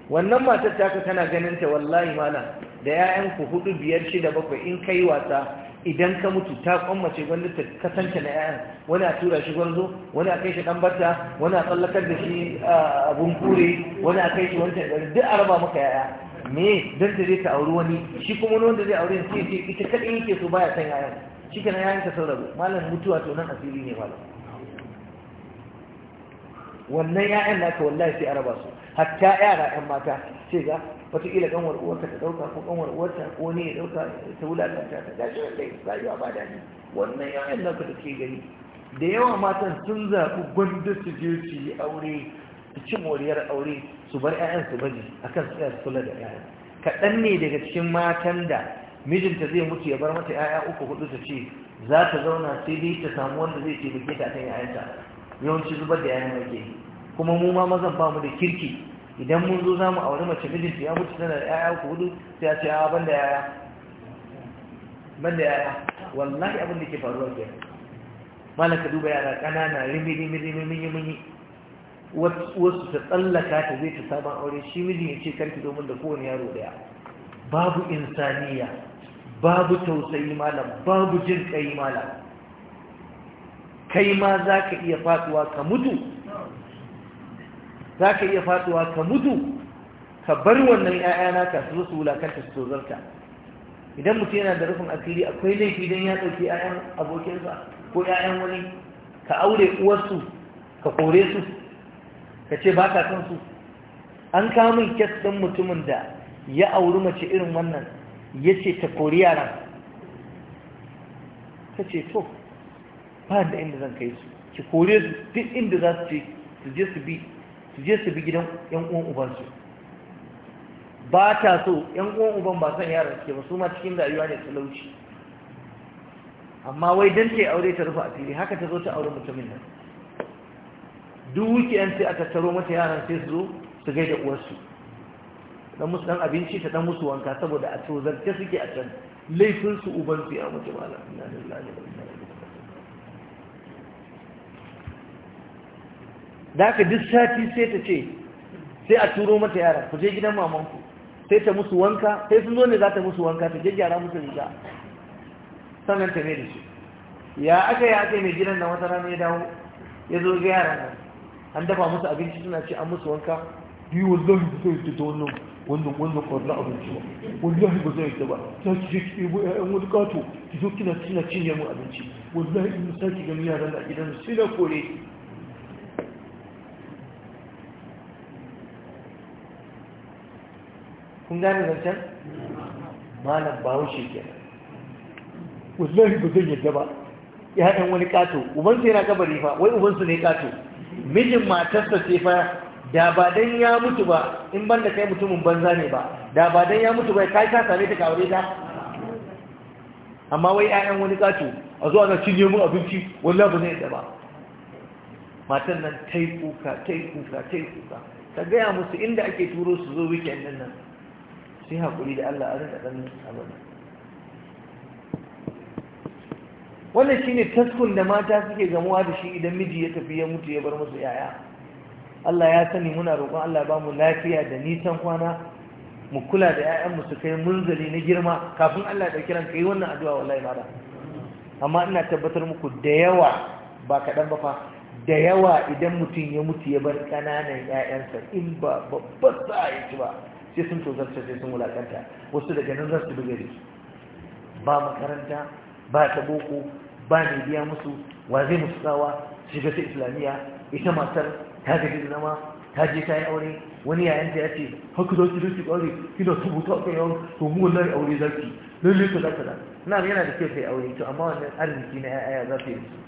wannan matar ta ka tana ganin ta wallahi mana da 'ya'yanku hudu biyar shida bakwai in kai wasa idan ka mutu ta kwammace gwamnati ta kasance na yayan wani a tura shi gwanzo wani a kai shi dan barta wani a tsallakar da shi abun kure wani a kai shi wancan gari duk a raba maka yaya me don ta zai ta auri wani shi kuma wani wanda zai auri aure sai ce ita kadai yake so baya san yayan shi kana yayan ka sauraro malam mutuwa to nan asiri ne malam wannan yayan naka wallahi sai a raba su hatta yara yan mata sai ga wataƙila ƙanwar uwarka ta ɗauka ko ƙanwar uwarta ko ne ya ɗauka ta wulaƙanta ta gashi wanda ya rayuwa ba ni. wannan yayan naka da ke gani da yawa matan sun zaɓi gwanda su je su yi aure su ci moriyar aure su bar 'ya'yan su baje a kan tsayar su kula da 'ya'yan kaɗan ne daga cikin matan da mijinta zai mutu ya bar mata 'ya'ya uku hudu ta ce za ta zauna sai dai ta samu wanda zai ce bike ta kan 'ya'yanta yawanci zubar da 'ya'yan ake kuma mu ma mazan ba mu da kirki idan mun zo zamu aure mace mijinta ya mutu tana da yaya ku hudu sai a ce a ban da yaya ban da yaya wallahi abin da ke faruwa ke malam ka duba yara ƙanana rimi rimi rimi rimi rimi wasu ta tsallaka ta zai ta sabon aure shi miji ya ce karki domin da kowane yaro daya babu insaniya babu tausayi malam babu jin kai malam kai ma za ka iya faduwa ka mutu za ka iya faduwa ka mutu ka bar wannan 'ya'yana ka su su wulakanta su tozarta idan mutum yana da rufin asiri akwai laifi don ya ɗauki ‘ya'yan abokinsa ko ‘ya'yan wani ka aure uwarsu ka kore su ka ce ba ka san su an kamun kyas ɗin mutumin da ya auri mace irin wannan ya ce ta kori yaran ta ce to ba da inda zan kai su ki kore su duk inda za su ce su je su bi su je su bi gidan yan uwan ubansu ba ta so yan uwan uban ba san yaran suke ba su ma cikin rayuwa ne su laushi. amma wai dan ta aure ta rufe asiri haka ta zo ta aure mutumin nan duk weekend sai a tattaro mata yaran sai su zo su gaida uwarsu dan musu dan abinci ta dan musu wanka saboda a tozarce suke a can laifin su uban su ya mutu malam inna lillahi wa inna ilaihi da haka duk sati sai ta ce sai a turo mata yara ku je gidan mamanku sai ta musu wanka sai sun zo ne za ta musu wanka ta gyara musu riga sannan ta ne da shi. ya aka yi aka yi mai gidan da wata rana ya dawo ya zo ga yara nan an dafa musu abinci suna ce an musu wanka biyu wallahi ba zai fita wannan wannan wannan kwarna abinci ba wallahi ba zai fita ba ta ki je ki ɗebo ƴaƴan wani kato ki zo kina kina cinye mu abinci wallahi in sake ganin yaran a gidan sai na kore kun gane zancen malam bahaushe ke wallahi ba zai yadda ba ya'yan wani ƙato ubansu yana kabari fa wai ubansu ne ƙato. mijin matarsa ce fa da ba dan ya mutu ba in ban da kai mutumin banza ne ba da ba dan ya mutu ba kai ka same ta kawai ta amma wai ya'yan wani ƙato a zuwa na cinye mu abinci wani labu ne da ba matan nan yi kuka yi kuka yi kuka ta gaya musu inda ake turo su zo weekend nan nan sai haƙuri da Allah a da ɗanin abin wannan shine taskun da mata suke gamuwa da shi idan miji ya tafi ya mutu ya bar musu yaya Allah ya sani muna roƙon Allah ba mu lafiya da nisan kwana mu kula da 'ya'yanmu su kai munzali na girma kafin Allah ya ɗauki ranka yi wannan addu'a wallahi mara amma ina tabbatar muku da yawa ba kaɗan ba fa da yawa idan mutum ya mutu ya bar ƙananan 'ya'yansa in ba babbar za ya ci ba sai sun zarce sai sun wulakanta wasu daga nan za su buga jiki ba makaranta ba ta boko ba ne biya musu wa zai musu tsawa shiga ta islamiyya ita matar ta gidi zama ta je ta yi aure wani yayan ta ya ce haka za ki rufe aure kina ta buta a kan yawon to mu wannan aure za lalle ka za ka da na yana da kyau kai aure to amma wannan arziki na ya'ya za su yi musu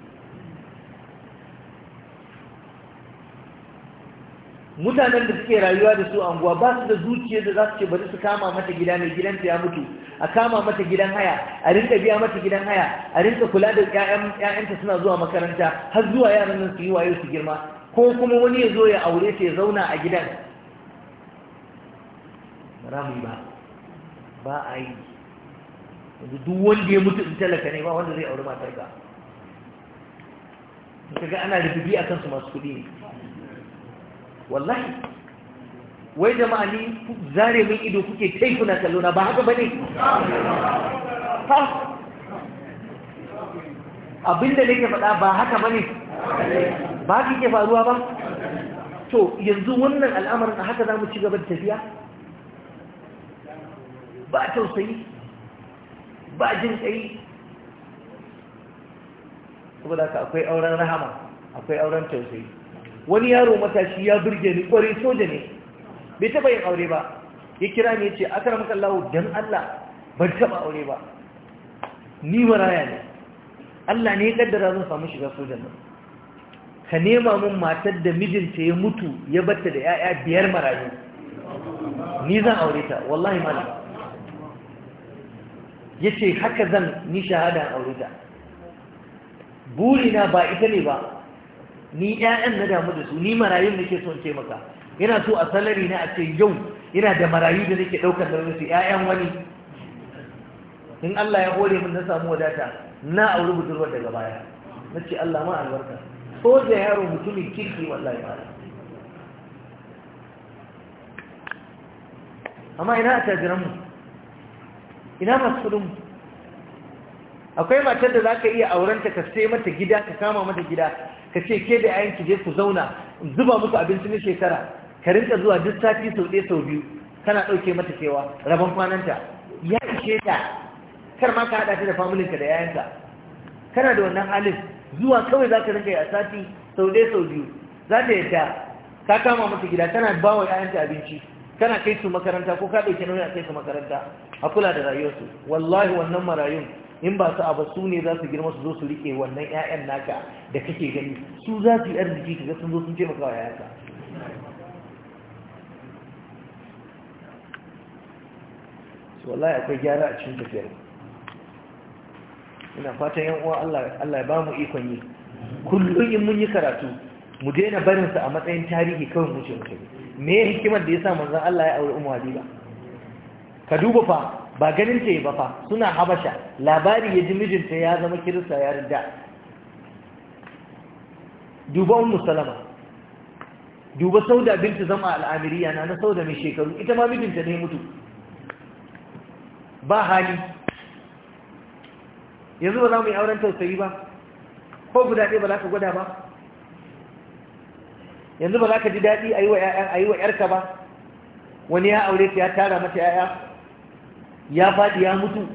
mutanen da suke rayuwa da su anguwa ba su da zuciyar da za su ce bari su kama mata gida mai gidanta ya mutu a kama mata gidan haya a rinka biya mata gidan haya a rinka kula da ƴaƴanta suna zuwa makaranta har zuwa yaran nan su yi wayo su girma ko kuma wani ya zo ya aure su ya zauna a gidan ramu ba ba a yi yanzu duk wanda ya mutu in talaka ne ba wanda zai aure matar ka kaga ana da bibi akan su masu kuɗi ne wallahi wai jama'a ni zare min ido kuke kai kuna kallo na ba haka bane ha abinda nake faɗa ba haka bane ba haka ke faruwa ba to yanzu wannan al'amarin a haka zamu ci gaba da tafiya ba tausayi ba jin tsayi saboda ka akwai auren rahama akwai auren tausayi wani yaro matashi ya birge ni kwarai soja ne bai taba yin aure ba ya kira ne ce aka maka Allah dan Allah ban taba aure ba ni maraya ne Allah ne ya kaddara zan samu shiga soja nan ka nema mun matar da mijinta ya mutu ya batta da 'ya'ya biyar marayu ni zan aure ta wallahi Ya yace haka zan ni shahada aure ta burina ba ita ne ba ni ƴaƴan na damu da su ni marayun nake son taimaka yana so a salari na a ce yau yana da marayu da nake ɗaukar da su ƴaƴan wani in Allah ya hore min na samu wadata na auri budurwar daga baya na ce Allah ma albarka ko da yaro mutumin kirki wallahi ba amma ina a mu ina masu akwai matar da za ka iya auranta ka sai mata gida ka kama mata gida ka ce ke da yayan ki je ku zauna zuba muku abinci na shekara ka rinka zuwa duk sati sau ɗaya sau biyu kana ɗauke mata cewa rabon kwananta ya ishe ta kar ma ka haɗa ta da familinka da yayanka kana da wannan halin zuwa kawai za ka rinka yi a sati sau ɗaya sau biyu za ta yadda ka kama mata gida kana ba wa yayanta abinci kana kai su makaranta ko ka ɗauke nauyi a kai su makaranta a kula da rayuwarsu wallahi wannan marayun in ba su abu su ne za su girma su zo su rike wannan 'ya'yan naka da kake gani su za su yi arziki kaga sun zo sun taimaka wa ka wallahi akwai gyara a cikin tafiyar ina fatan yan uwa Allah ya ba mu ikon yi kullum in mun yi karatu mu daina barin a matsayin tarihi kawai mu ce mutane me hikimar da ya sa manzon Allah ya aure Umar Habiba ka duba fa ba ganin ta ba fa suna habasha labari ya ji mijinta ya zama kirista ya rida duba Un musulama duba sauda binta zama al'amiriya na na sauda mai shekaru ita ma mijinta ne mutu ba hali yanzu ba za mu yi auren tausayi ba ko guda ɗaya ba za ka gwada ba yanzu ba za ka ji daɗi a yi wa ‘yarka ba wani ya aure ta ya tara mata ‘ya'ya ya faɗi ya mutu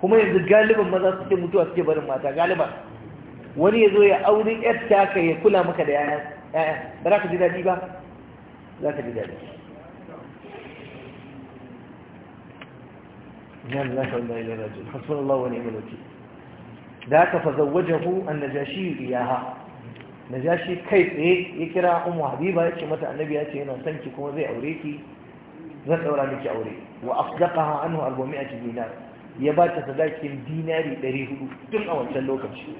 kuma yanzu galiban maza suke mutuwa suke barin mata galiban wani ya zo ya auri yarta ka ya kula maka da yaya ba za ka ji daɗi ba za ka ji daɗi yan na san da ilar jin hasuwar Allah wani imal ce. da aka fa zawwajahu an najashi na najashi kai tsaye ya kira umu habiba ya ce mata annabi ya ce yana sanki kuma zai aure ki zan daura miki aure wa asdaqaha anhu 400 dinar ya ba ta sadakin dinari 400 tun a wancan lokaci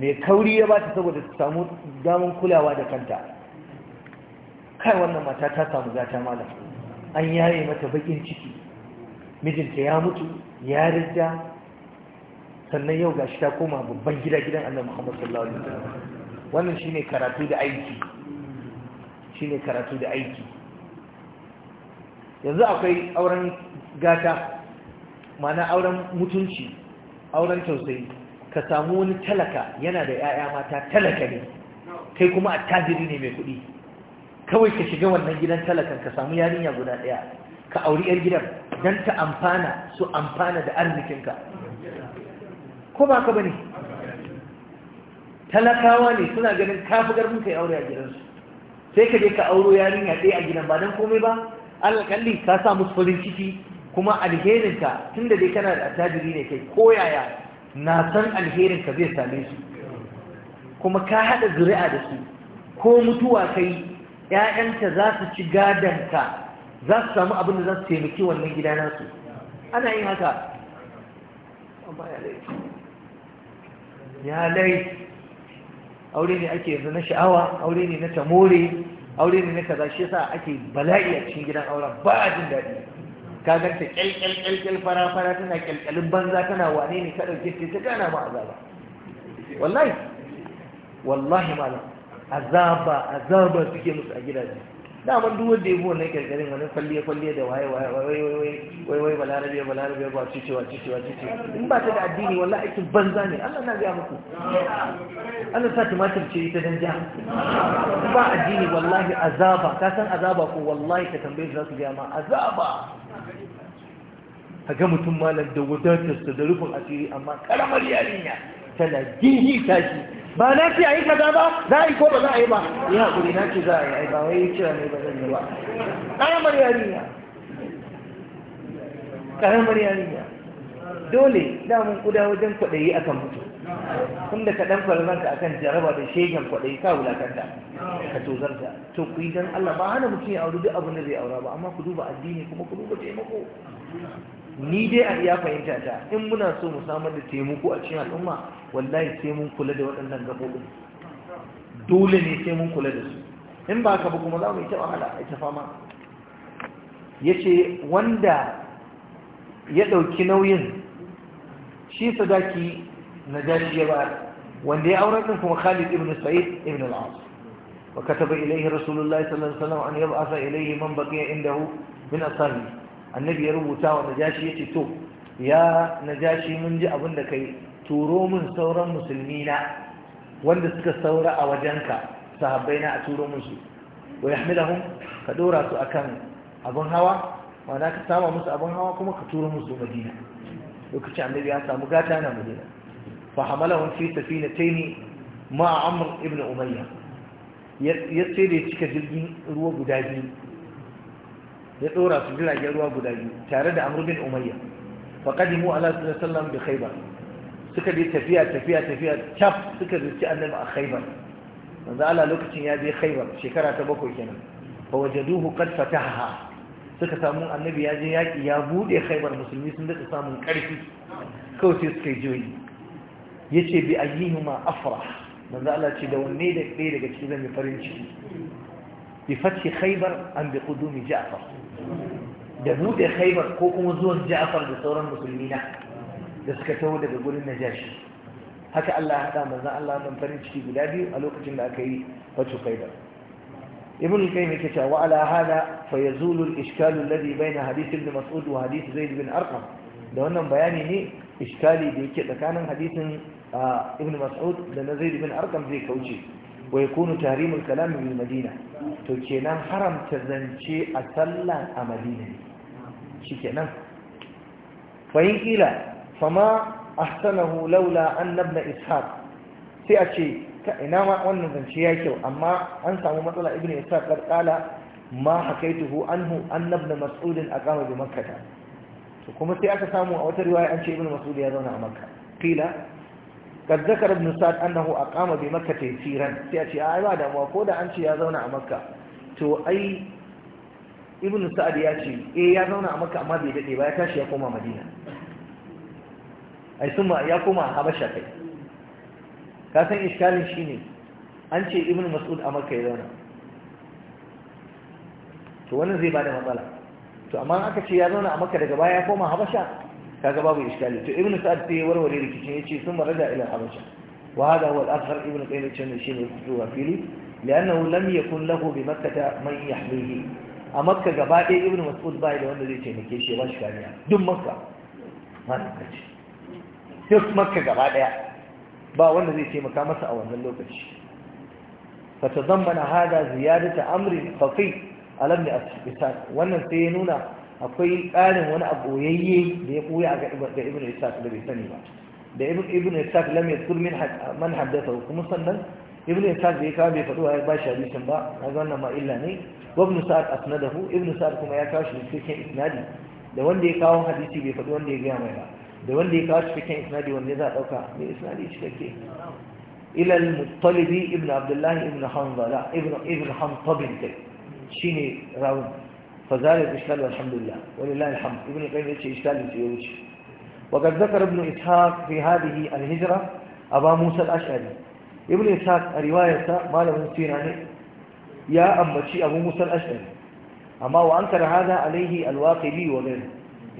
mai kauri ya ba ta saboda ta samu damun kulawa da kanta kai wannan mata ta samu zata malam an yaye mata bakin ciki mijinta ya mutu ya rinda sannan yau gashi ta koma babban gida gidan annabi Muhammad sallallahu alaihi wasallam wannan shine karatu da aiki shine karatu da aiki yanzu akwai auren gata mana auren mutunci auren tausayi ka samu wani talaka yana da 'ya'ya mata talaka ne kai kuma attajiri ne mai kuɗi kawai ka shiga wannan gidan talakan ka samu yarinya guda ɗaya ka auri 'yar gidan don ta amfana su amfana da arzikinka ko ba ka bane talakawa ne suna ganin kafi ka yi aure a gidansu sai ka je ka auro yarinya ɗaya a gidan ba don komai ba alƙalli ka sa musu farin ciki kuma alherinka tun da dai kana da attajiri ne kai koyaya na san alherinka zai same su kuma ka haɗa zuri'a da su ko mutuwa kai ‘ya'yanka za su ci ka za su samu abin da za su taimaki wannan gida nasu ana yin haka amma ya lai aure ne ake yanzu na sha'awa aure ne na tamore aure ne na kaza shi yasa ake bala'i a cikin gidan aure ba a jin daɗi ka ganta kyalkyal kyalkyal fara fara tana kyalkyalin banza tana wane ne ka ɗauke ta kana ma azaba wallahi wallahi malam azaba azaba suke musu a gidaje daman duk wanda ya bi wannan kirkirin wani kwalliya kwalliya da waye waye waye waye waye waye balarabe balarabe ba cice wa cice wa cice in ba ta da addini wala aikin banza ne Allah na ga muku Allah sa tumatir ce ita dan ja ba addini wallahi azaba ka san azaba ko wallahi ka tambaye za su ga ma azaba ga mutum malam da wadatarsa da rufin asiri amma karamar yarinya tana gihi tashi ba na ce a yi kaza ba za a yi ko ba za a yi ba ya haƙuri na ce za a yi ba wai kira ne ba zan yi ba ƙaramar yarinya ƙaramar yarinya dole damun kuda wajen kwaɗayi akan mutu kun da kaɗan a akan jaraba da shegen kwaɗayi ka wulakanta ka tozarta to ku yi don Allah ba hana mutum ya auri duk abin da zai aura ba amma ku duba addini kuma ku duba taimako ni dai a iya fahimta ta in muna so mu samar da taimako a cikin al'umma wallahi sai mun kula da waɗannan gabobin dole ne sai mun kula da su in ba ka ba kuma za mu yi ta wahala a ta fama ya ce wanda ya ɗauki nauyin shi sadaki na jashi ya ba wanda ya auren ɗin kuma khalid ibn sa'id ibn al'as wa kataba ilaihi rasulullahi sallallahu alaihi wasallam an asa ilaihi man baqiya indahu min ashabihi annabi ya rubuta wa najashi ya ce to ya najashi mun ji abin da kai turo mun sauran musulmi na wanda suka saura a wajenka sahabbai na a turo musu wa yahmilahum ka dora su akan abin hawa wana ka sama musu abin hawa kuma ka turo musu madina lokacin annabi ya samu gata na madina fa hamalahum fi safinatayn ma'a amr ibn umayyah ya sai da cika jirgin ruwa guda biyu ya dora su jiragen ruwa guda biyu tare da amr bin umayya fa qadimu ala Sallam bi khaybar suka je tafiya tafiya tafiya taf suka zuci annabi a khaybar manzo Allah lokacin ya je khaybar shekara ta bakwai kenan fa wajaduhu qad fataha suka samu annabi ya je yaki ya bude khaybar musulmi sun daɗa samun ƙarfi kawai sai suka yi joyi yace bi ayyihima afrah manzo Allah ce da wanne da ɗaya daga cikin zan yi farin ciki bi fathi khaybar an bi qudumi ja'far da bude khaybar ko kuma zuwan ja'far da sauran musulmi na da suka taho daga gurin najashi haka Allah ya hada manzon Allah dan farin ciki guda biyu a lokacin da aka yi fatu khaybar ابن القيم كتاب وعلى هذا فيزول الإشكال الذي بين حديث ابن مسعود وحديث زيد بن أرقم لو أنهم بياني ني إشكالي دي كده كان حديث ابن مسعود لأن بن أرقم زي كوشي wai yakunu tarimin kalam bil madina to kenan haramta zance a sallah a madina shikenan fa in kila fama ahsanahu laula an ibn ishaq sai a ce ka ina ma wannan zance ya kyau amma an samu matsala ibn ishaq karkala ma hakaituhu anhu an ibn mas'ud aqama bi makkah to kuma sai aka samu a wata riwaya an ce ibn mas'ud ya zauna a makka kila kad zakar ibn sa'd annahu aqama bi makka taysiran sai a ce ai ba damuwa ko da an ce ya zauna a makka to ai ibn sa'd ya ce eh ya zauna a makka amma bai dade ba ya tashi ya koma madina ai summa ya koma habasha kai ka san iskalin shine an ce ibn mas'ud a makka ya zauna to wannan zai bada matsala to amma aka ce ya zauna a makka daga baya ya koma habasha kaga babu iskali to ibnu sa'ad sai warware rikicin yace sun maraja ila habasha wa hada huwa al-athar ibnu qayyim ne shine fitowa fili لأنه لم يكن له بمكة من يحميه a makka gaba ɗaya ibn mas'ud bai da wanda zai taimake shi ba shi kariya duk makka malaka ce duk makka gaba ɗaya ba wanda zai taimaka masa a wannan lokaci fa tazammana hada ziyadata amri faqi alam ni asbisan wannan sai ya nuna akwai ƙarin wani abu aboyayye da ya ɓoya ga ibn ishaq da bai sani ba da ibn ishaq lam yadkur min man haddatha kuma sannan ibn ishaq bai kawo bai faɗuwa ya bashi hadisin ba na wannan ma illa ne wa ibn sa'ad asnadahu ibn sa'ad kuma ya kawo shi cikin isnadi da wanda ya kawo hadisi bai faɗi wanda ya gaya mai ba da wanda ya kawo cikin isnadi wanda za a ɗauka mai isnadi cikakke ila al-muttalibi ibn abdullah ibn hanzala ibn ibn hantabin kai shine rawun فزال الإشكال والحمد لله ولله الحمد ابن القيم يتشي إشكال يتشي وقد ذكر ابن إسحاق في هذه الهجرة أبا موسى الأشعري ابن إسحاق رواية ما له سيراني يا أمتشي أبو موسى الأشعري أما وأنكر هذا عليه الواقلي وغيره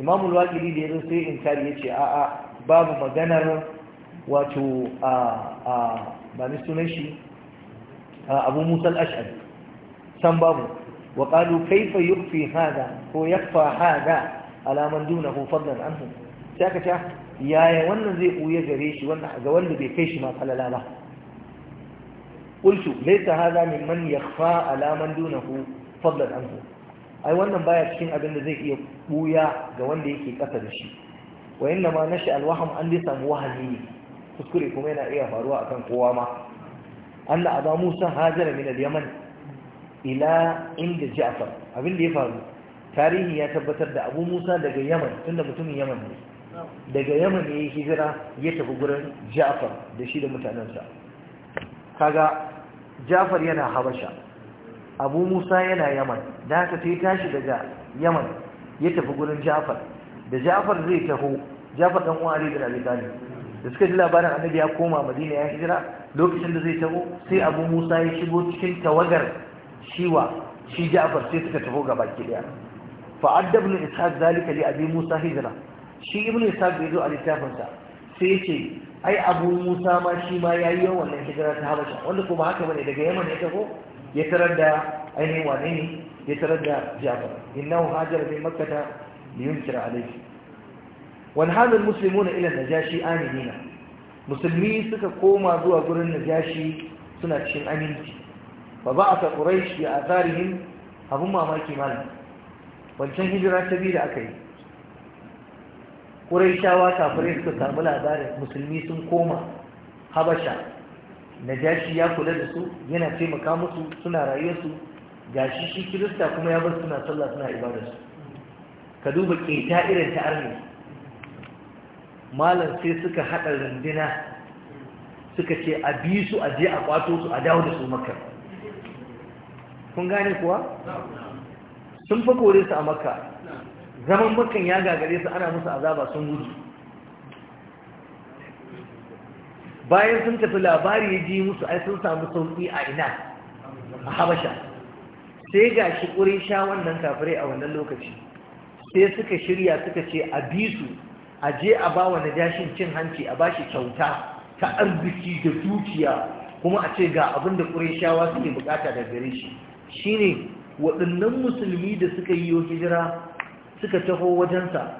إمام الواقلي ليدو سي إنكار يتشي آآ باب مغنر واتو آآ آآ بانستو نشي أبو موسى الأشعري سن بابه وقالوا كيف يخفي هذا هو يخفى هذا على من دونه فضلا عنه ساكتا يا يا wannan zai kuye gare shi wanda ga wanda bai kai shi ma falala ba qultu laysa hadha mimman yakhfa ala man dunahu fadlan anhu ai wannan baya cikin abin da zai iya buya ga wanda yake ƙasa da shi wa inna ma nashi alwahama an dai samu wahami kuskure kuma yana iya faruwa akan kowa ma anna aba san hajara min al-yaman ila inda ja'far abin da ya faru tarihi ya tabbatar da abu musa daga yaman tunda mutumin yaman ne daga yaman ne ya hijira ya tafi gurin ja'far da shi da mutanensa kaga ja'far yana habasha abu musa yana yaman da haka sai tashi daga yaman ya tafi gurin ja'far da ja'far zai taho ja'far dan uwa ali abi da suka ji labarin annabi ya koma madina ya hijira lokacin da zai taho sai abu musa ya shigo cikin tawagar shiwa shi ja'far sai suka taho ga baki daya fa addabnu ishaq zalika li abi musa hijra shi ibnu ishaq yazo a littafin sa sai yace ai abu musa ma shi ma yayi yawan wannan hijira ta habasha wanda kuma haka bane daga yaman ya taho ya tarar da ainihin wane ne ya tarar da ja'far innahu hajara min makkah yunkira alayhi wan hada almuslimuna ila najashi aminina musulmi suka koma zuwa gurin najashi suna cikin aminci fa ba'atha quraish bi atharihim abun mamaki malam wancan hijira ta biyu da aka yi quraishawa kafirai suka samu labarin musulmi sun koma habasha najashi ya kula da su yana taimaka musu suna rayuwarsu gashi shi kirista kuma ya bar suna sallah suna ibadarsu ka duba keta irin ta arni malam sai suka haɗa rundina suka ce a bi su a je a kwato su a dawo da su kun gane kuwa sun fi kore su a makka zaman makan ya gagare su ana musu azaba sun gudu bayan sun tafi labari ya ji musu ai sun samu sauki a ina a habasha sai ga shi ƙurin sha wannan kafirai a wannan lokaci sai suka shirya suka ce a bisu a je a ba wa najashin cin hanci a bashi kyauta ta arziki da dukiya kuma a ce ga abinda da ƙurin shawa suke bukata da gare shi ne waɗannan musulmi da suka yi hijira suka taho wajensa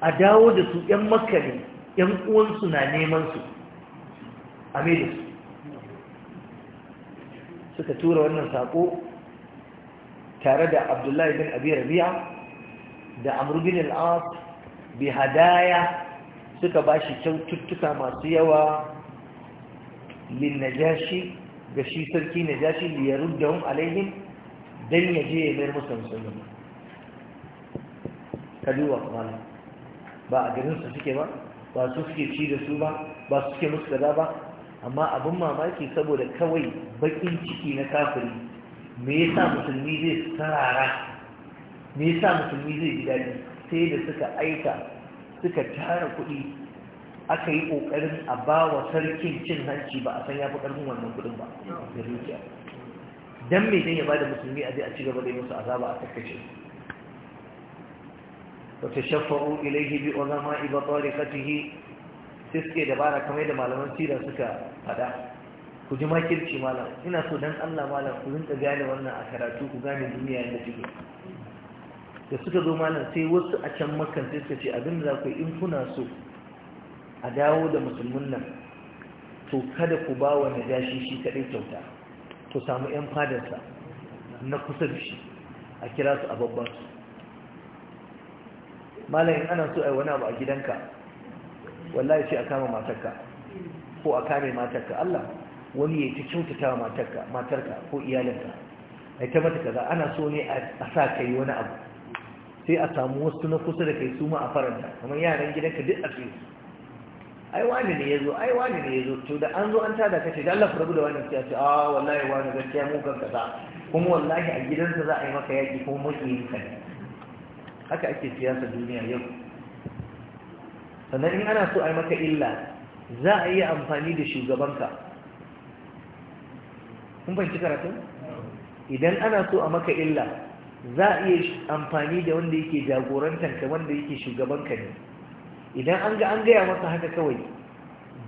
a dawo da su ‘yan makari ‘yan uwansu na neman su a da su suka tura wannan saƙo tare da abdullahi bin abi rabiya da amurbin al'ad bi hadaya suka ba shi kyaututtuka masu yawa lin najashi ga shi sarki na jashi liyarun da hun alaihim don ya je ya mayar musu musulmi kaduwa ba a garinsu suke ba ba su suke ci da su ba ba su suke musu ba amma abin mamaki saboda kawai bakin ciki na kafiri me yasa musulmi zai sarara me yasa musulmi zai ji sai da suka aika suka tara kuɗi aka yi ƙoƙarin a ba wa sarkin cin hanci ba a san ya fi ƙarfin wannan kuɗin ba da dukiya don mai dan ya ba da musulmi a zai a ci gaba da yi musu azaba a takkace wata shafa'u ilaihi bi ulama iba tariqatihi sai suke dabara kamar da malaman sira suka faɗa ku ji makirci malam ina so don Allah malam ku rinka gane wannan a karatu ku gane duniya yadda take da suka zo malam sai wasu a can makan sai suka ce abin da za ku yi in kuna so a dawo da musulmin nan to kada ku ba wa najashi shi kaɗai kyauta to samu 'yan fadarsa na kusa da shi a kira su a babban su malayin ana so a yi wani abu a gidanka wallahi ce a kama matarka ko a kame matarka Allah wani ya ta kyauta ta matarka matarka ko iyalinka a ta mata kaza ana so ne a sa ka yi wani abu sai a samu wasu na kusa da kai su ma a faranta kamar yaran gidanka duk a su ai wani ne ya zo, ai wani ne ya zo. to da an zo an tada kace da Allah ku rabu da wani sai ce ah wallahi wani gaskiya mu kan kaza kuma wallahi a gidansa za a yi maka yaki ko muke kai haka ake siyasa duniya yau sannan in ana so a yi maka illa za a iya amfani da shugabanka kun fahimci karatu idan ana so a maka illa za a iya amfani da wanda yake jagorantanka wanda yake shugabanka ne idan an ga an gaya masa haka kawai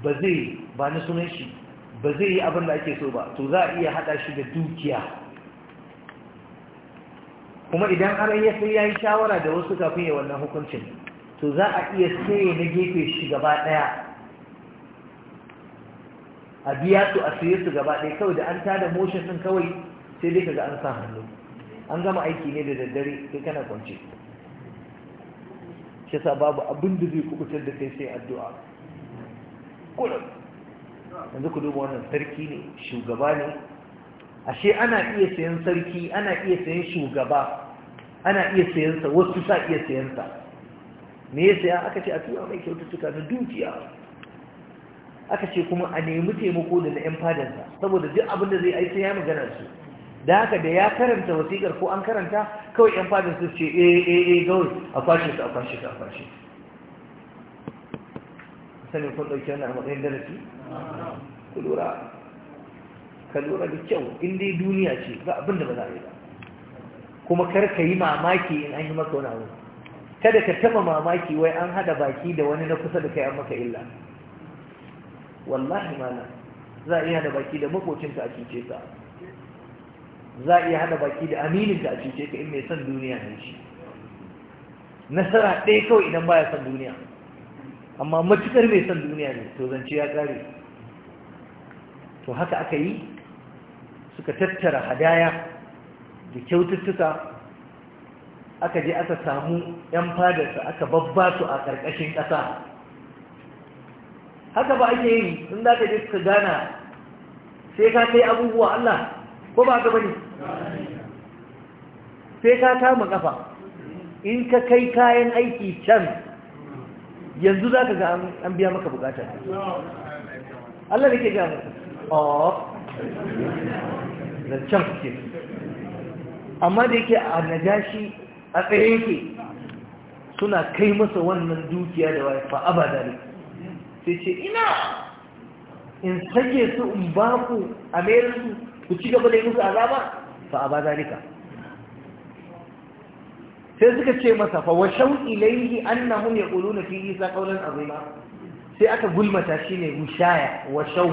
ba zai ba na sunan shi ba zai yi abin da ake so ba to za a iya haɗa shi da dukiya kuma idan har ya sai ya yi shawara da wasu kafin ya wannan hukuncin to za a iya saye na gefe shi gaba ɗaya a biya su a saye su gaba ɗaya kawai da an tada motion ɗin kawai sai dai ga an sa hannu an gama aiki ne da daddare sai kana kwance shi sa babu abin da zai kubutar da kai sai addu'a kullum yanzu ku duba wannan sarki ne shugaba ne ashe ana iya sayan sarki ana iya sayan shugaba ana iya sayan sa wasu sa iya sayan sa me ya saya aka ce a tura mai kyaututtuka na dukiya aka ce kuma a nemi taimako da na 'yan fadansa saboda duk abin da zai aiki ya magana su da haka da ya karanta wasiƙar ko an karanta kawai ‘yan fadin su ce eh eh eh gawai a kwashe su a kwashe su a kwashe sani kun ɗauki wannan a matsayin darasi? ku lura ka lura da kyau inda duniya ce ba abin da ba za a yi ba kuma kar ka yi mamaki in an yi maka wani abu kada ka taɓa mamaki wai an haɗa baki da wani na kusa da kai an maka illa wallahi malam za a iya haɗa baki da makocinka a cuce ka za a iya haɗa baki da aminin ka a cuce ka in mai son duniya ne shi nasara ɗaya kawai idan baya son duniya amma matukar mai son duniya ne to zance ya ƙare to haka aka yi suka tattara hadaya da kyaututtuka aka je aka samu 'yan fadarsa aka babba su a ƙarƙashin ƙasa haka ba ake yi in za ka je suka gana sai ka kai abubuwa Allah ko ba ka bane sai ka kama kafa in ka kai kayan aiki can yanzu za ka ga an biya maka bukata Allah da ke mu. da can ke amma da yake a najashi a tsaye yake suna kai masa wannan dukiya da waye fa abada ne sai ce ina in sake su in ba ku a mayar ku ci gaba da yi musu azaba fa aba zalika sai suka ce masa fa washau ilaihi annahum yaquluna fi isa qawlan azima sai aka gulmata shine wushaya washau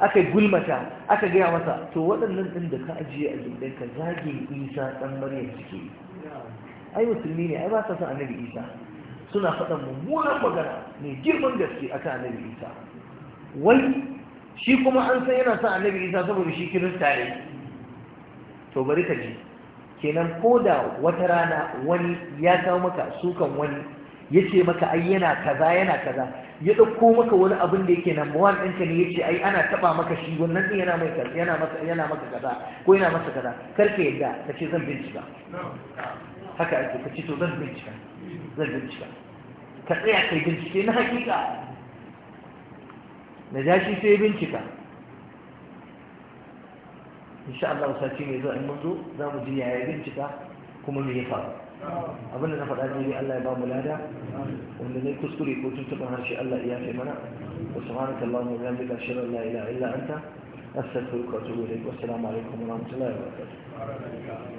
aka gulmata aka gaya masa to waɗannan ɗin da ka ajiye a gindinka zagin isa ɗan maryam suke ai musulmi ne ai ba sa son annabi isa suna faɗan mummunan magana mai girman gaske akan annabi isa wai shi kuma an san yana son annabi isa saboda shi kirista ne to bari ka ji kenan ko da wata rana wani ya kawo maka sukan wani ya ce maka ai yana kaza yana kaza ya ɗauko maka wani abin da yake nan one ɗinka ne ya ce ai ana taɓa maka shi wannan ɗin yana mai yana maka yana kaza ko yana masa kaza kar ka yadda ka ce zan bincika haka ake ka ce to zan bincika zan bincika ka tsaya kai bincike na hakika jashi sai bincika insha Allah sati mai zuwa in mun zo za mu ji yaya bincika kuma me ya faru abin da na faɗa ne Allah ya ba mu lada wanda ne kuskure ko tuntuɓar harshe Allah ya fi mana wa subhanaka Allahumma wa bihamdika ashhadu an la ilaha illa anta astaghfiruka wa atubu ilayk wa assalamu alaikum wa rahmatullahi wa barakatuh